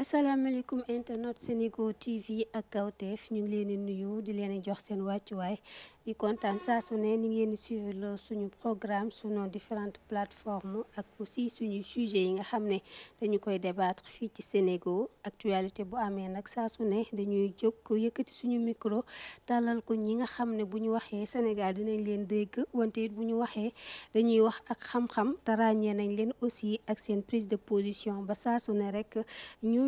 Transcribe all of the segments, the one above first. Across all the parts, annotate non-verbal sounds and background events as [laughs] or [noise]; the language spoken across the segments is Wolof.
asalaamaaleykum internet Senego TV ak Kawtef ñu ngi leen di nuyu di leen jox seen wàccuwaay di kontaan saa su ne ni ngeen di suivre suñu programme suñu différentes plateforme ak aussi suñu sujet yi nga xam ne dañu koy débattre fii ci Senego actualité bu amee nag saa su ne dañuy jóg yëkkati suñu micro tàllal ko ñi nga xam ne bu ñu waxee Sénégal dinañ leen dégg wante it bu ñu waxee dañuy wax ak xam-xam te ràññee nañ leen aussi ak seen prise de position ba saa su ne rek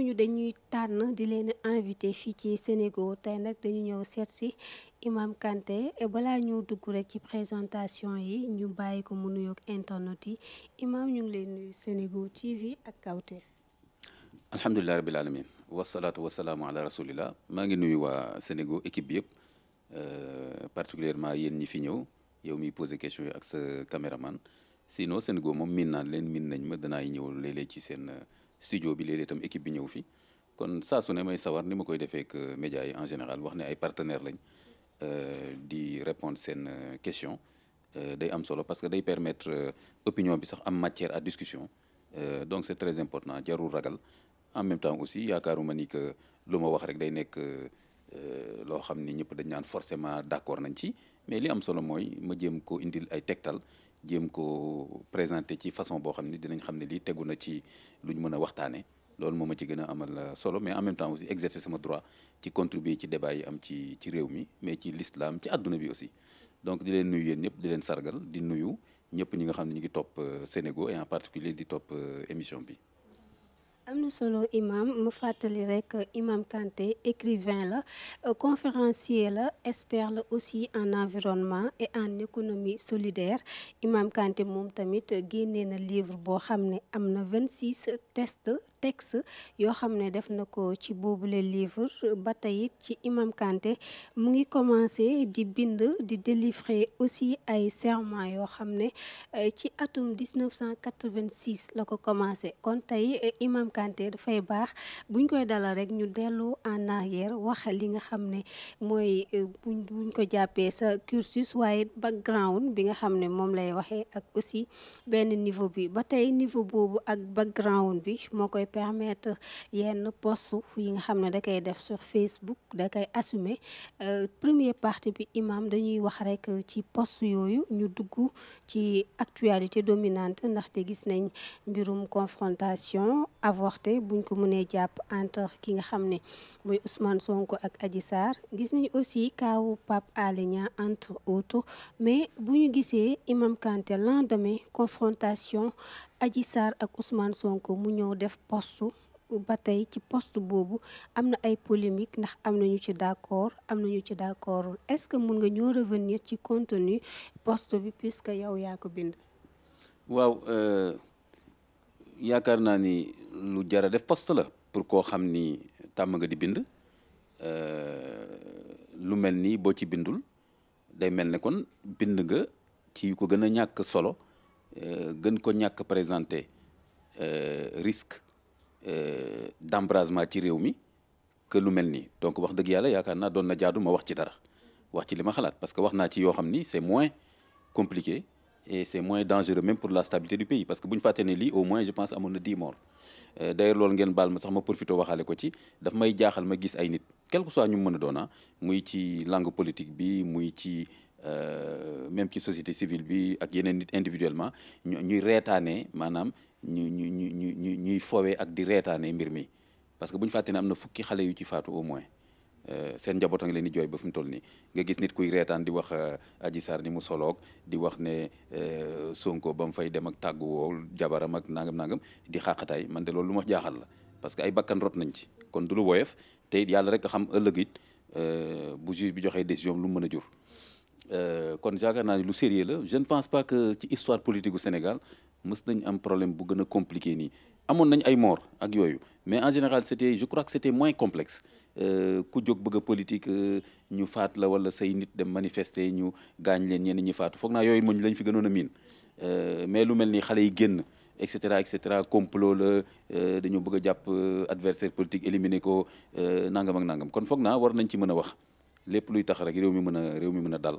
ñooñu dañuy tànn di leen invité fii ci Sénégo tey nag dañu ñëw seet si Imam Kanté balaa ñu dugg rek ci présentation yi ñu bàyyi ko mu nuyoog internet yi Imam ñu ngi leen nuyu Sénégo TV ak Kawtef. alhamdulilah rabil alamin wasalaatu wasalaamu ala rasulillah maa ngi nuyu waa Sénégo équipe bi yëpp euh, particulièrement yéen ñi fi ñëw yow miy posé question yi ak sa caméraman sinon Sénégo moom miin naan leen miin nañ ma danaay ñëw léeg ci seen. studio bi léeg-léeg itam équipe bi ñëw fi kon saa su ne may sawar ni ma koy defee ak médias yi en général wax ne ay partenaires lañ euh, di répondre seen euh, question euh, day am solo parce que day permettre opinion bi sax am matière à discussion donc c'est très important jarul ragal en même temps aussi yaakaaruma ni que lu ma wax rek day nekk loo xam ni ñëpp dañ naan forcément d'accord nañ ci mais li am solo mooy ma jéem ko indil ay tegtal jéem ko présenter ci façon boo xam ne dinañ xam ne lii tegu na ci lu ñu mën a waxtaanee loolu moo a ci gën a amal euh, solo mais en même temps aussi exercer sama droit ci contribuer ci débat yi am ci ci réew mi mais ci l'islam ci àdduna bi aussi donc di leen nuyu yéen ñëpp di leen sargal di nuyu ñëpp ñi nga xam ne ñu ngi topp euh, Sénégal et en particulier di topp euh, émission bi am na solo imam ma fàttali rek imam Kanté écrivain la conférencier la expert la aussi en environnement et en économie solidaire imam Kanté moom tamit génnee na livre boo xam ne am na vingt 26 test texte yoo xam ne def na ko ci boobu boobule livre ba tey it ci imam Kanté mu ngi commencé di bind di délivrer aussi ay serment yoo xam ne euh, ci atum 1986 la ko commencé kon tey euh, imam Kanté dafay baax buñ koy dalal rek ñu dellu en arrière wax li nga xam ne mooy euh, buñ buñ ko jàppee sa cursus waaye background bi nga xam ne moom lay waxee ak aussi benn niveau bi ba tey niveau boobu ak background bi moo koy permettre yenn post yi nga xam ne da koy def sur Facebook da koy assumer euh, première partie bi imam dañuy wax rek ci post yooyu ñu dugg ci actualité dominante ndaxte gis nañ mbirum confrontation avorté buñ ko mënee jàpp entre ki nga xam ne mooy Ousmane Sonko ak Adji Sarr gis nañ aussi kaawu Pape Alé Niang entre autres mais bu ñu gisee imam Kanté lendemain confrontation Adji Sarr ak Ousmane Sonko mu ñëw def postu ba tey ci poste boobu am na ay polémique ndax am nañu ci d'accord am na ñu ci d'accordul est-ce que mun nga ñoo revenir ci contenu poste bi puisque yow yaa ko bind waaw euh, yaakaar naa ni lu jara def poste la pour koo xam ni tàmm nga di bind euh, lu mel nii boo ci bindul day mel ne kon bind nga ci ko gën a ñàkk solo Euh, gën ko ñàkk présenter euh, risque euh, d'embrasement ci réew mi que lu mel nii donc wax dëgg yàlla yaakaar naa doon na jaadu ma wax ci dara wax ci li ma xalaat parce que wax naa ci yoo xam ni c'est moins compliqué et c'est moins dangereux même pour la stabilité du pays parce que bu ñu fàtte ne lii au moins je pense amoon na dix morts d'ailleurs ngeen baal ma sax ma profité waxaale ko ci daf may jaaxal ma gis ay nit quel que soit ñu mën a doona ah, muy ci langue politique bi muy ci Euh, même ci société civile bi ak yeneen nit individuellement ñu ñuy reetaane maanaam ñu ñu ñu ñu ñuy foowee ak di reetaanee mbir mi parce que bu ñu fàtte am na fukki xale yu ci faatu au moins euh, seen njaboot a leen di jooy ba fi mu toll nii nga gis nit kuy reetaan di wax euh, aji Sarr ni mu soloog di wax ne Sonko ba mu fay dem ak tàggu woo jabaram ak nangam nangam di xàqataay man de loolu lu ma jaaxal la parce que ay bakkan rot nañ ci kon du lu woyof te yàlla rek a xam ëllëg it bu juge bi joxee décision lu mën a jur. Euh, kon yaakaar naa ne lu sérieux la je ne pense pas que ci histoire politique gu Sénégal mës nañ am problème bu gën a compliqué nii amoon nañ ay mort ak yooyu mais en général c'était je crois que c'était moins complexe euh, ku jóg bëgg a politique euh, ñu faat la wala say nit dem manifester ñu gaañ leen ñenn ñi faatu foog naa yooyu moom lañ fi gënoon a miin mais lu mel ni xale yi génn et cetera et cetera complot la dañoo bëgg a jàpp adversaire politique éliminer ko nangam ak nangam kon foog naa war nañ ci mën a wax. lépp luy tax rek réew mi mën a réew mi mën a dal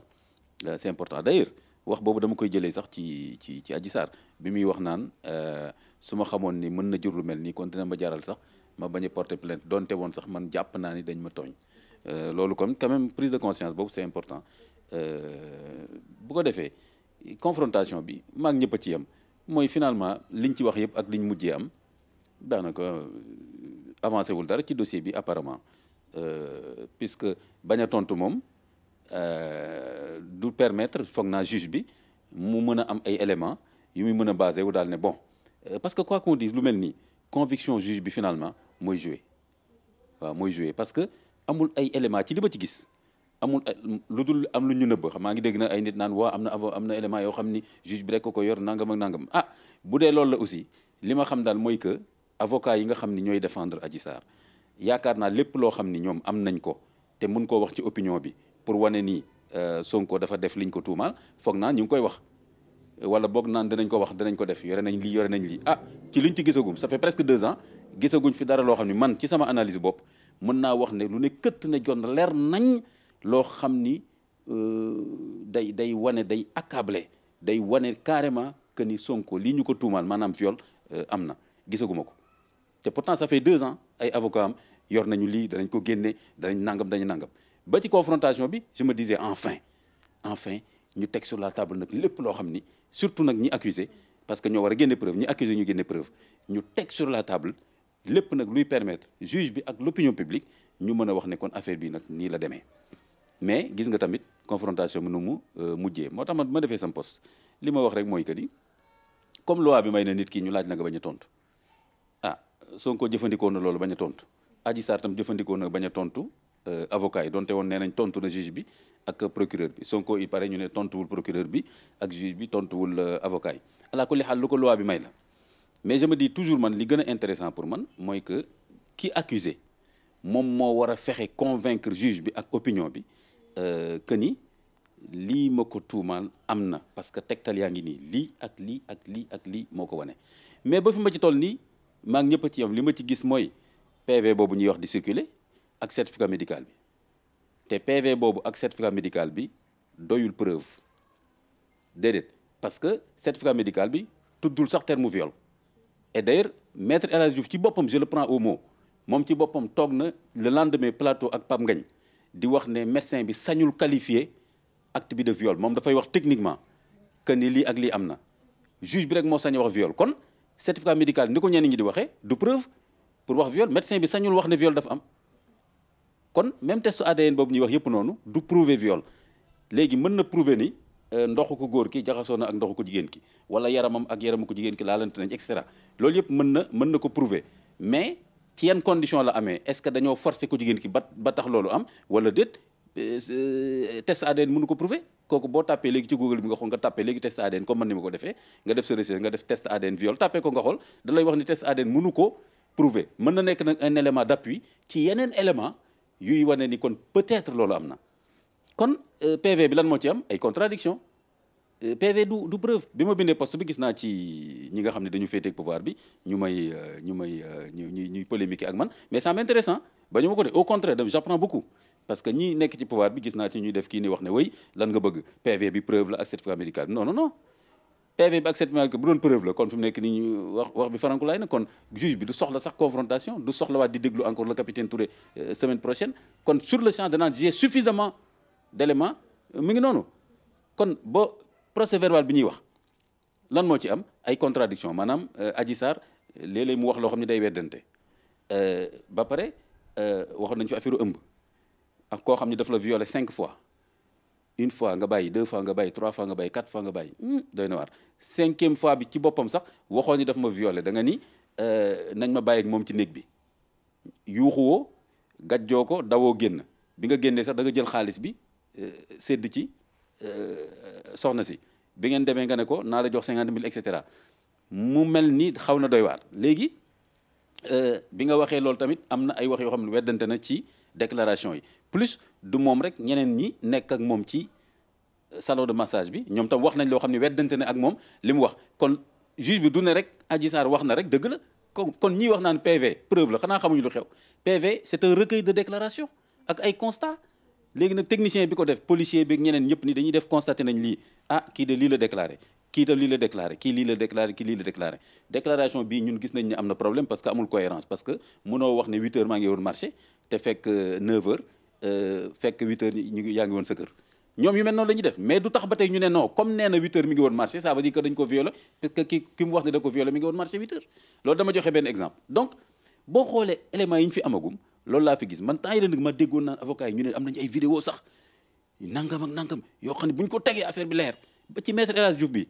euh, c'est important d'ailleurs wax boobu dama koy jëlee sax ci ci ci Adji Sarr bi muy wax naan euh, su ma xamoon ni mën na jur lu mel ni kon dina ma jaral sax ma bañ a porter plainte donte woon sax man jàpp naa ni dañ ma tooñ euh, loolu comme quand même prise de conscience boobu c'est important bu ko defee confrontation bi maag ñëpp a ci yem mooy finalement liñ ci wax yëpp ak liñ mujjee am daanaka avancé dara ci dossier bi apparemment Euh, puisque bañ a tontu moom euh, du permettre foog naa juge bi mu mën a am ay éléments yu muy mën a basé wu daal ne bon euh, parce que quoi qu'on dise lu mel nii conviction juge bi finalement mooy joué waaw mooy joué parce que amul ay éléments ci li ma ci gis amul lu dul am lu ñu nëbb xam maa ngi dégg na ay nit naan waa am na am na élément yoo xam ni juge bi rek ko ko yor nangam ak nangam ah bu dee loolu la aussi li ma xam daal mooy que avocat yi nga xam ni ñooy défendre aji Sarr yaakaar naa lépp loo xam ni ñoom am nañ ko te mun ko wax ci opinion bi pour wane ni euh, Sonko dafa def liñ ko tuumaal foog naa ñu ngi koy wax wala boog naan danañ ko wax danañ ko def yore nañ lii yore nañ lii ah ci liñ ci gisagum ça fait presque deux ans gisaguñ fi dara loo xam ni man ci sama analyse bopp mën naa wax ne lu ne këtt ne jon leer nañ loo xam ni euh, day day wane day accablé day wane carrément que ni Sonko lii ñu ko tuumaal maanaam viol euh, am na gisaguma ko. te pourtant ça fait deux ans ay avocats am yor nañu lii danañ ko génne danañ nangam dañu nangam ba ci confrontation bi je me disais enfin enfin ñu teg sur la table nag lépp loo xam ni surtout nag ñi accusé parce que ñoo war a génne preuve ñi accusé ñu génne preuve ñu teg sur la table lépp nag luy permettre juge bi ak l'opinion publique ñu mën a wax ne kon affaire bi nag nii la demee mais gis nga tamit confrontation bi nu mu euh, mujjee moo tax man ma defee sam li ma wax rek mooy que comme loi bi may na nit ki ñu laaj la nga bañ tontu. Sonko jëfandikoo na loolu bañ a tontu Adji Sarr tam jëfandikoo na bañ a tontu euh, avocat yi donte woon nee nañ tontu na juge bi ak procureur bi Sonko il paraît ñu ne tontuwul procureur bi ak juge bi tontuwul euh, avocat yi ala kulli lu ko loi bi may la mais je me dis toujours man li gën a intéressant pour man mooy que ki accusé moom moo war a fexe convaincre juge bi ak opinion bi euh, que ni lii ma ko tuumaal am na parce que tegtal yaa ngi nii lii ak lii ak lii ak lii moo ko wane maak ngi ñëpp ci yam li ma ci gis mooy PV boobu ñuy wax di circuler ak certificat médical bi te PV boobu ak certificat médical bi doyul preuve déedéet parce que certificat médical bi tuddul sax terme viol et d'ailleurs maître El ci boppam je le prends au mot moom ci boppam toog na le lendemain plateau ak Pape Ngagne di wax ne médecin bi sañul qualifier acte de viol moom dafay wax techniquement que ni lii ak lii am na juge bi rek moo sañ a wax kon certificat médical ni ko ñenn ñi di waxee du preuve pour wax viol médecin bi sañul wax ne viol dafa am kon même test ADN boobu ñuy wax yëpp noonu du prouver viol léegi mën na prouver ni euh, ndoxu ko góor ki jaxasoo na ak ndoxu ko jigéen ki wala yaramam ak yaramu ko jigéen ki laalante nañ et cetera loolu yëpp mën na mën na ko prouver mais ci yan condition la amee est-ce que dañoo forcer ko jigéen ki ba ba tax loolu am wala déet euh, euh, test ADN mënu ko prouver kooku boo tappee léegi ci google bi nga xool nga tàppee léegi test ADN comme man ni ma ko defee nga def sa recherche nga def test ADN viol tàppee ko nga xool da wax ni test ADN mënu ko prouver mën na nekk na un élément d'appui ci yeneen élément yuy wane ni kon peut-être loolu am na kon euh, PV bi lan moo ci am ay contradiction euh, PV du du preuve bi ma bindee poste bi gis naa ci ñi nga xam ne dañu féeteeg pouvoir bi ñu may euh, ñu may ñu ñuy polémique ak man mais ça m'intéresse ba ko de au contraire daf j'apprends parce que ñi nekk ci pouvoir bi gis naa ci ñuy def kii ni wax ne wéy lan nga bëgg PV bi preuve la ak certificat médical non non PV bi ak certificat médical bu doon preuve la kon fi mu nekk nii wax wax bi farankulaay na kon juge bi du soxla sax confrontation du soxla waat di déglu encore le capitaine Touré euh, semaine prochaine kon sur le champ danaan j'ai suffisamment d'éléments euh, mi ngi noonu kon ba procès verbal bi ñuy wax lan moo ci am ay contradiction maanaam euh, Adji Sarr léeg mu wax loo xam ne day weddante ba pare waxoon nañ ci affaire ëmb ak koo xam ne daf la violé cinq fois une fois nga bàyyi deux fois nga bàyyi trois fois nga bàyyi quatre fois nga bàyyi hmm, doy na waar cinquième fois bi ci boppam sax waxoo ni daf ma violé da nga ni euh, nañ ma bàyyi moom ci néeg bi yuuxuwoo gàjjoo ko dawoo génn bi nga génnee sax danga jël xaalis bi euh, sedd ci euh, soxna si bi ngeen demee nga ne ko naa la jox cinquante mille et cetera mu mel ni xaw na doy waar léegi bi nga waxee loolu tamit am na ay wax yoo xam ne weddante na ci déclaration yi plus du moom rek ñeneen ñi nekk ak moom ci euh, salon de massage bi ñoom tam wax nañ loo xam ne weddante ne ak moom li mu wax kon juge bi du ne rek Adji Sarr wax na rek dëgg la kon kon ñii wax naan PV preuve xanaa xamuñu lu xew PV c'est un recueil ay constat léegi nag bi ko def policier bi ak ñeneen ñëpp ni dañuy def constaté nañ lii ah kii de lii la déclaré kii de lii la déclaré kii lii la déclaré kii lii déclaration bii ñun gis nañ ne am na problème parce que amul cohérence parce que mënoo wax ne 8 heures maa ngi woon marché te fekk 9 euh, Euh, fekk huit heures ñu ngi yaa ngi woon sa kër ñoom yu mel noonu la def mais du tax ba tey ñu nen non comme nee na huit heures mi ngi woon marché ça veut dire que dañ ko violé parce que ki mu wax ne da ko violé mi ngi woon marché huit loolu dama joxe benn exemple donc boo xoolee éléments yi ñu fi amagum loolu laa fi gis man temps yi la nag ma déggoon naan avocat yi ñu ne am nañu ay vidéo sax nangam ak yoo xam ne bu ko tegee affaire bi leer ba ci maître El bi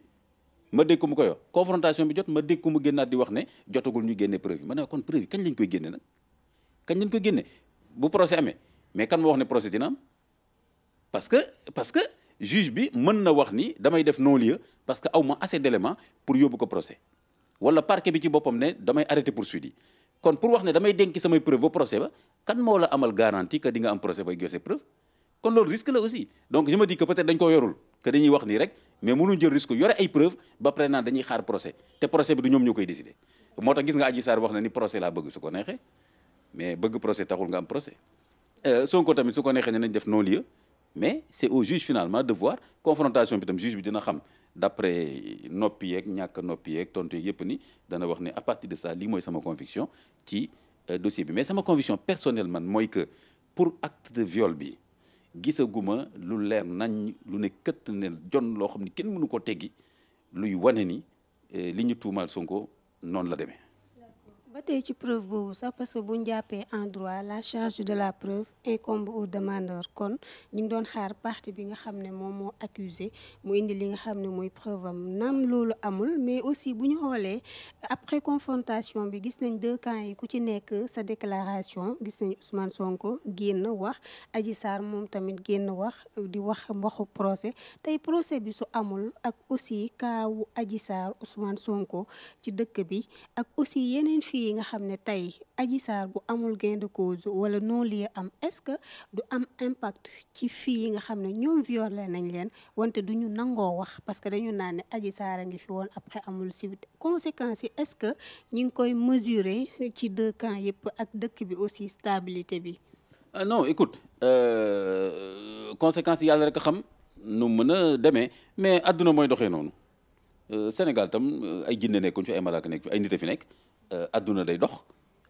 ma dégg mu ko yor confrontation bi jot ma dégg ko mu génnaat di wax ne jotagul ñu génne preuve yi ma ne kon preuve yi kañ lañ koy génne nag kañ lañ koy génne amee mais kan moo wax ne procès dina am parce que parce que juge bi mën na wax nii damay def non-lieu parce que aw ma assez d'éléments pour yóbbu ko procès wala parquet bi ci boppam ne damay arrêté poursuite yi kon pour wax ne damay denk samay preuve procès ba kan moo la amal garantie que di nga am procès kon loolu risque la aussi donc je me dis que peut-être wax nii rek mais mënuñ jël risque yore ay preuve ba pare naan xaar procès te procès bi du ñoom ñoo koy décider moo tax gis nga Adji Sarr wax na ni procès laa bëgg su ko neexee mais bëgg procès taxul nga am procès Euh, ko tamit su ko neexee ne nañ def non-lieu mais c'est au juge finalement de voir confrontation bi tam juge bi dina xam d'après noppi yeek ñàkk noppi yeeg tontu yeeg yëpp ni dana wax ne à partir de ça lii mooy sama conviction ci euh, dossier bi mais sama conviction personnelle man mooy que pour acte de bi gisaguma lu leer nañ lu ne këtt jon loo xam ni kenn mënu ko teggi luy wane ni euh, li ñu tuumaal ko noonu la demee. ba tey ci preuve boobu sax parce que bu ñu jàppee en droit la charge de la preuve incombe au demandeur kon ñu ngi doon xaar partie bi nga xam ne moom moo accusé mu indi li nga xam ne mooy preuve am naam loolu amul mais aussi bu ñu xoolee après confrontation bi gis nañ deux camps yi ku ci nekk sa déclaration gis nañ Ousmane Sonko génn wax Adji Sarr moom tamit génn wax di wax waxu procès tey procès bi su amul ak aussi kaawu Adji Sarr Ousmane Sonko ci dëkk bi ak aussi yeneen yi nga xam ne tey aji Sarr bu amul gain de cause wala non lieu am est-ce que du am impact ci fii yi nga xam ne ñoom violé nañ leen wante du ñu nangoo wax parce que dañu naan ne aji Sarr a ngi fi woon après amul suite conséquence yi est-ce que ñi ngi koy mesurer ci deux camps yëpp ak dëkk bi aussi stabilité bi. Euh, non écoute euh, conséquences yi yàlla rek a xam nu mën a demee mais àdduna mooy doxee noonu. Euh, Sénégal tam ay jinne nekkuñ fi ay malaaka nekk fi ay nit fi nekk Euh, adduna day dox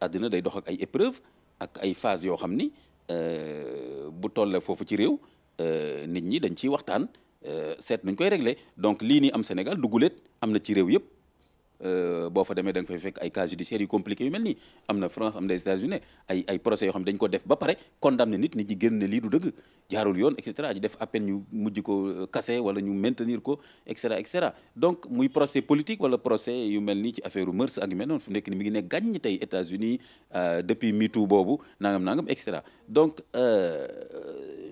adduna day dox ak ay épreuves ak ay phases yoo xam ni euh, bu tollee foofu ci réew euh, nit ñi dañ ciy waxtaan seet nuñ koy régler donc lii nii am Sénégal duguleet am na ci réew yëpp. Euh, boo fa demee danga fay fekk ay cas judiciaires yu compliqué yu mel nii am na France am na États-Unis ay ay procès yoo xam dañ ko def ba pare condamné nit nit ñi génn ne lii du dëgg jaarul yoon et cetera ñu def appel mujj ko euh, casser wala ñu maintenir ko et cetera et donc muy procès politique wala procès yu mel nii ci affaire mœurs ak yu mel noonu nekk ni mi ngi ne gàññ tey États-Unis euh, depuis MeToo boobu nangam nangam et cetera donc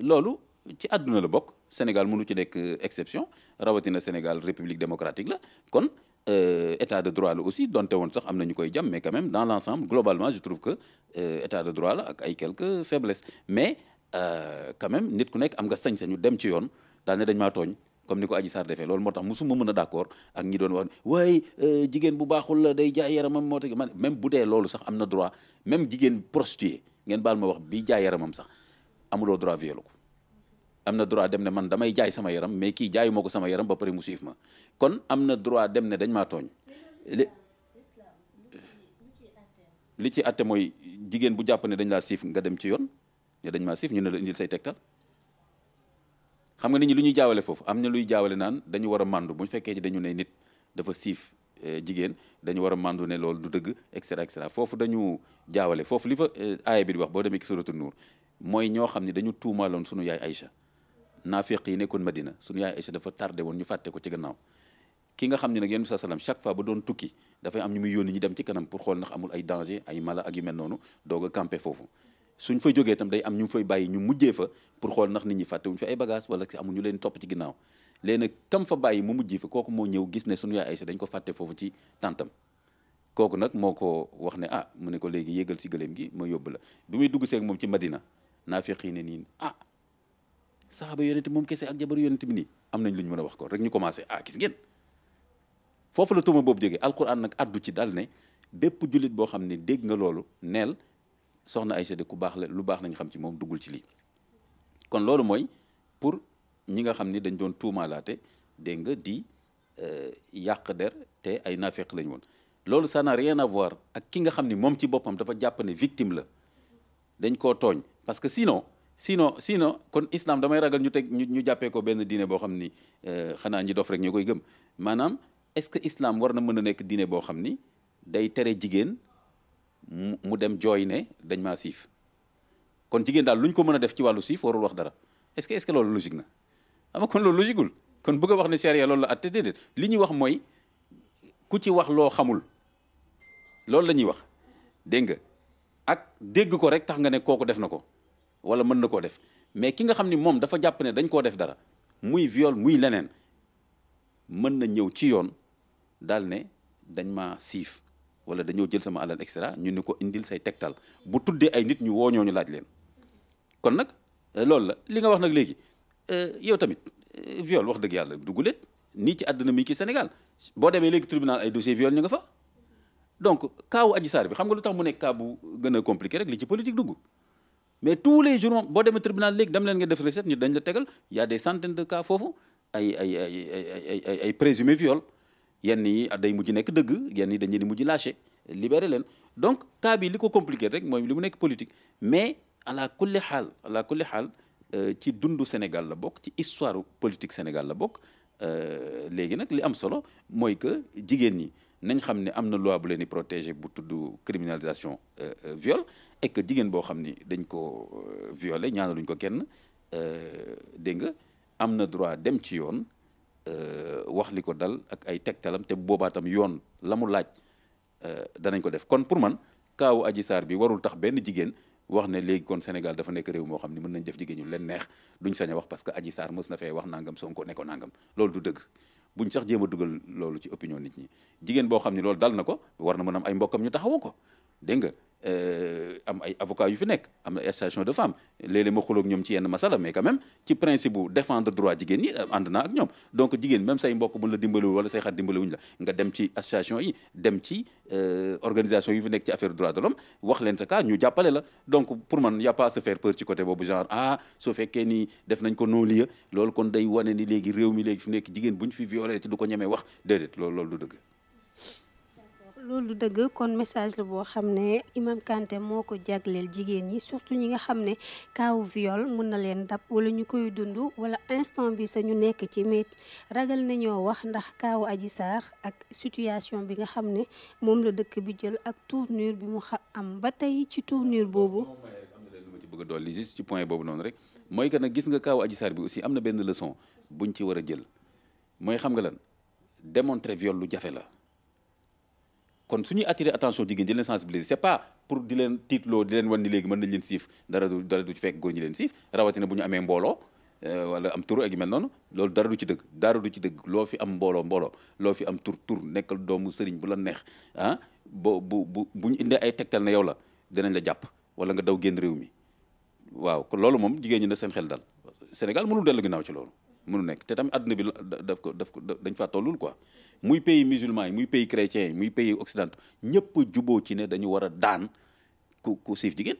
loolu ci àdduna la bokk Sénégal mënu ci nekk exception rawatina Sénégal république démocratique la kon. Euh, état de droit la aussi donte woon sax am na ñu koy jàmm mais quand même dans l' ensemble globalement je trouve que euh, état de droit la ak ay quelques faiblesses mais euh, quand même nit ku nekk am nga sañ-sañu dem ci yoon daal ne dañ maa tooñ comme ni ko Adji Sarr defee loolu moo tax musuma mun a d' accord ak ñi doon wax waaye jigéen bu baaxul la day jaay yaramam moo tax man même bu dee loolu sax am na droit même jigéen prostituée ngeen baal ma wax bi jaay yaramam sax amuloo droit violé ko am na droit dem ne man damay jaay sama yaram mais kii jaayuma ko sama yaram ba pare mu suif ma kon am na droit dem ne dañ maa tooñ li ci àtte mooy jigéen bu jàpp ne dañ laa siif nga dem ci yoon ne dañ maa siif ñu ne la indil say tegtal xam nga nit ñu lu ñuy jaawale foofu am na luy jaawale naan dañu war a màndu bu fekkee ni dañu ne nit dafa siif eh, jigéen dañu war a màndu ne loolu du dëgg et cetera foofu dañu jaawale foofu li fa eh, aaya bi di wax boo demee ci mooy ñoo xam ne dañu tuumaaloon sunu yaay Aïcha naa naafiq yi nekkoon Madina suñu yaay Aïcha dafa tardé woon ñu fàtte ko ci gannaaw ki nga xam ne nag yonent bi saa sallam chaque fois ba doon tukki dafay am ñu muy yónni ñu dem ci kanam pour xool ndax amul ay danger ay mala ak yu mel noonu doog a campé foofu suñ fa jógee tam day am ñu fay bàyyi ñu mujjee fa pour xool ndax nit ñi fàtte wuñ fa ay bagage wala amul ñu leen topp ci ginnaaw léegi nag kam fa bàyyi mu mujjee fa kooku moo ñëw gis ne su yaay Aïcha dañ ko fàtte ci tàntam kooku nag moo ko wax ne ah mu ne ko léegi yéegal si gëléem gi ma yóbbu la bi muy dugg seeg moom ci Madina naafiq yi ne nii ah saxaaba yonent moom kese ak jabar yonent bi nii am nañ lu ñu mën a wax ko rek ñu commencé ah gis ngeen foofu la tuuma boobu jógee alquran nag addu ci dal ne bépp jullit boo xam ne dégg nga loolu neel soxna Aysa de ku baax la lu baax lañ xam ci moom duggul ci lii kon loolu mooy pour ñi nga xam ni dañ doon tuumaalaate dégg nga di euh, yàq der te ay naa naafeq lañ woon loolu sa n'a rien à voir ak ki nga xam ni moom ci boppam dafa jàpp ne victime la dañ koo tooñ parce que sinon sinon sinon kon islam damay ragal ñu teg ñu ñu jàppee ko benn diine boo xam ni euh, xanaa ñi dof rek ñoo koy gëm maanaam est-ce que islam war na mën a nekk diine boo xam ni day tere jigéen mu dem jooy ne dañ maa siif kon jigéen daal lu ko mën a def ci wàllu siif warul wax dara est-ce que loolu logique na ama kon loolu logiqueul kon bëgg wax ne charia loolu la atte déedéet li ñuy wax mooy ku ci wax loo xamul loolu la ñuy wax dégg nga ak dégg ko rek tax nga ne kooku def na ko wala mën na koo def mais ki nga xam ni moom dafa jàpp ne dañ koo def dara muy viol muy leneen mën na ñëw ci yoon daal ne dañ ma siif wala dañoo jël sama alal extra ñu ni ko indil say tegtal bu tuddee ay nit ñu woo ñoo ñu laaj leen kon nag euh, loolu la li nga wax nag léegi euh, yow tamit euh, viol wax dëgg yàlla duguleet nii ci àdduna mi ci Sénégal boo demee léegi tribunal ay dossier viol ñu nga fa donc kaawu Adji Sarr bi xam nga lu tax mu nekk kaa bu gën a compliqué rek li ci politique dugg mais tous les jours moom boo demee tribunal léegi dem leen nga def recherche ñu dañ la tegal y a des centaines de cas foofu ay ay ay ay ay ay présumé viol yenn yi day mujj nekk dëgg yenn yi dañu di mujj lâché libéré leen donc cas bi li ko compliqué rek mooy li mu nekk politique mais ala kulli xaal ala kulli xaal euh, ci dundu Sénégal la bokk ci histoire politique Sénégal la bokk euh, léegi nag li am solo mooy que jigéen ñi nañ xam ne am na loi bu leen di protéger bu tudd criminalisation euh, viole et que jigéen boo xam ni dañ ko euh, violé ñaanaluñ ko kenn euh, dégg nga am na droit dem ci yoon euh, wax li ko dal ak ay tegtalam te boobaatam yoon la mu laaj danañ ko def kon pour man kaawu Adji Sarr bi warul tax benn jigéen wax ne léegi kon Sénégal dafa nekk réew moo xam ne mën nañ def jigéen ñu leen neex duñ sañ wax parce que Adji Sarr mës na fee wax nangam Sonko ne ko nangam loolu du dëgg buñ sax jéem dugal loolu ci opinion nit ñi jigéen boo xam ne loolu dal na ko war na mën am ay mbokkam ñu ko dégg nga Euh, am ay avocats yu fi nekk am na association de femmes léeg-léeg ma xuloog ñoom ci yenn masala mais quand même ci principe bu défendre droit jigéen ñi euh, ànd naa ak ñoom donc jigéen même say mbokk buñ la dimbaliwul wala say xar dimbaliwuñ la nga dem ci association yi dem ci euh, organisation yu fi nekk ci affaire droit de l'homme wax leen sa cas ñu jàppale la donc pour man y a pas à faire peur ci côté boobu genre ah su fekkee ni def nañ ko non lieu loolu kon day wane ni léegi réew mi léegi nekk jigéen buñ fi violé ci du ko ñemee wax déedéet loolu loolu du dëgg loolu dëgg kon message la boo xam ne imam moo ko jagleel jigéen ñi surtout ñi nga xam ne kaawu viol mun na leen dab wala ñu koy dund wala instant bi sa ñu nekk ci mais ragal nañoo wax ndax kaawu Adji Sarr ak situation bi nga xam ne moom la dëkk bi jël ak tournure bi mu xa am ba tey ci tournure boobu. bëgg dool juste ci point boobu noonu rek mooy que gis nga kaawu Adji Sarr bi aussi am na benn leçon buñ ci war a jël mooy xam nga lan démontrer viol lu jafe la. kon su ñuy attirer attention jigéen di leen sensibiliser c'est pas pour di leen tiitloo di leen wan ni léegi mën nañ leen siif dara du dara du ci leen siif rawatina bu ñu amee mbooloo euh, wala am tur ak yu noonu loolu dara du ci dëgg dara du ci dëgg loo fi am mbooloo mbooloo loo fi am tur tur nekkal doomu sëriñ bu la neex ah bo bu bu bu ñu indee ay tegtal na yow la dinañ la jàpp wala nga daw génn réew mi waaw kon loolu moom jigéen ñi na seen xel dal Sénégal mënul gi ginnaaw ci loolu. munu nekk te tamit àdduna bi daf ko daf ko dañ faa tollul quoi muy pays musulman yi muy pays chrétien yi muy pays occidentaux ñëpp juboo ci ne dañu war a daan ku ku siif jigéen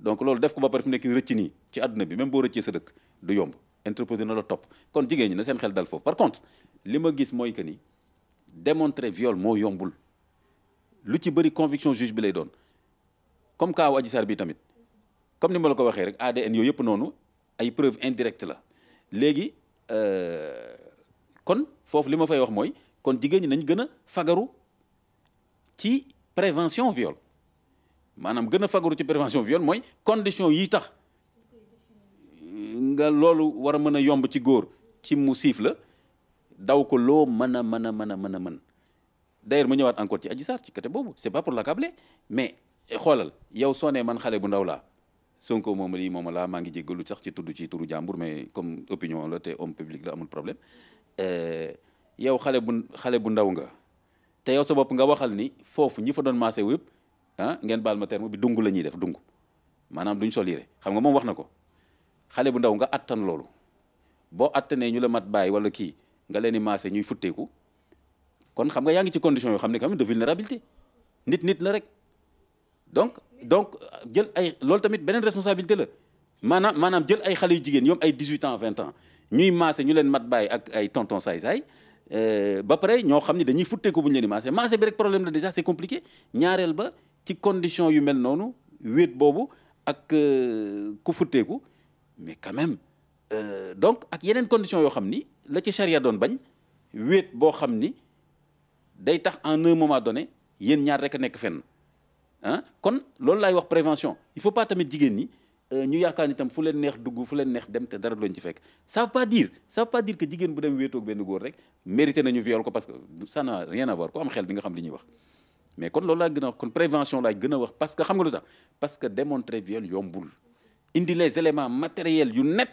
donc loolu def ko ba pare fi nekk rëcc nii ci àdduna bi même boo rëccee sa dëkk du yomb entrepreneur na la topp kon jigéen ñi na seen xel dal foofu par contre li ma gis mooy que ni démontrer viole moo yombul lu ci bëri conviction juge bi lay doon comme kaawu Adji Sarr bi tamit comme ni ma la ko waxee rek ADN yooyu yëpp noonu ay preuve indirecte la léegi Euh, kon foofu li ma fay wax mooy kon jigéen ñi nañ gën a fagaru ci prévention viol maanaam gën a fagaru ci prévention viol mooy condition yi tax nga loolu war a mën a yomb ci góor ci mu siif la daw ko loo mën a mën a mën a mën a mën d'ailleurs ma ñëwaat encore ci Adji Sarr ci côté boobu c'est pas pour l'accabler mais xoolal yow soo nee man xale bu ndaw laa Sonko moom lii moom laa maa ngi jéggalu sax ci tudd ci turu jàmbur mais comme opinion la te homme public la amul problème eh, yow xale bu xale bu ndaw nga te yow sa bopp nga waxal ni foofu ñi fa doon maase wépp ah ngeen baal ma terme bi dung la ñuy def dung maanaam duñ sol yére xam nga moom wax na ko xale bu ndaw nga attan loolu boo attanee ñu la mat bàyyi wala kii nga leen di maase ñuy futteeku kon xam nga yaa ngi ci condition yoo xam ne quand même de vulnérabilité nit nit la rek donc jël ay lool tamit beneen responsabilité la maanaam maanaam jël ay xale yu jigéen yoom ay 18 ans 20 ans ñuy maase ñu leen mat bàyyi ak ay tonton saay-saay euh, ba pare ñoo xam ni dañuy futteeku bu ñu leen di maase maase bi rek problème la déjà c'est compliqué ñaareel ba ci condition yu mel noonu wéet boobu ak euh, ku futteeku mais quand euh, donc ak yeneen condition yoo xam ni la ci charia doon bañ wéet boo xam ni day tax en un moment donné yen ñaar rek a nekk fenn ah kon loolu laay wax prévention il faut pas tamit jigéen ñi euh, ñu yaakaar ni tam fu leen neex dugg fu leen neex dem te dara duñ ci fekk ça veut pas dire ça veut pas dire que jigéen bu dem wéetoog benn góor rek mérité nañu viol ko parce que ça n'a rien à voir am xel di xam li ñuy wax mais kon loolu laa gën a wax kon prévention lay gën a wax parce que xam nga lu tax parce que démontrer viol yombul indi les éléments matériels yu net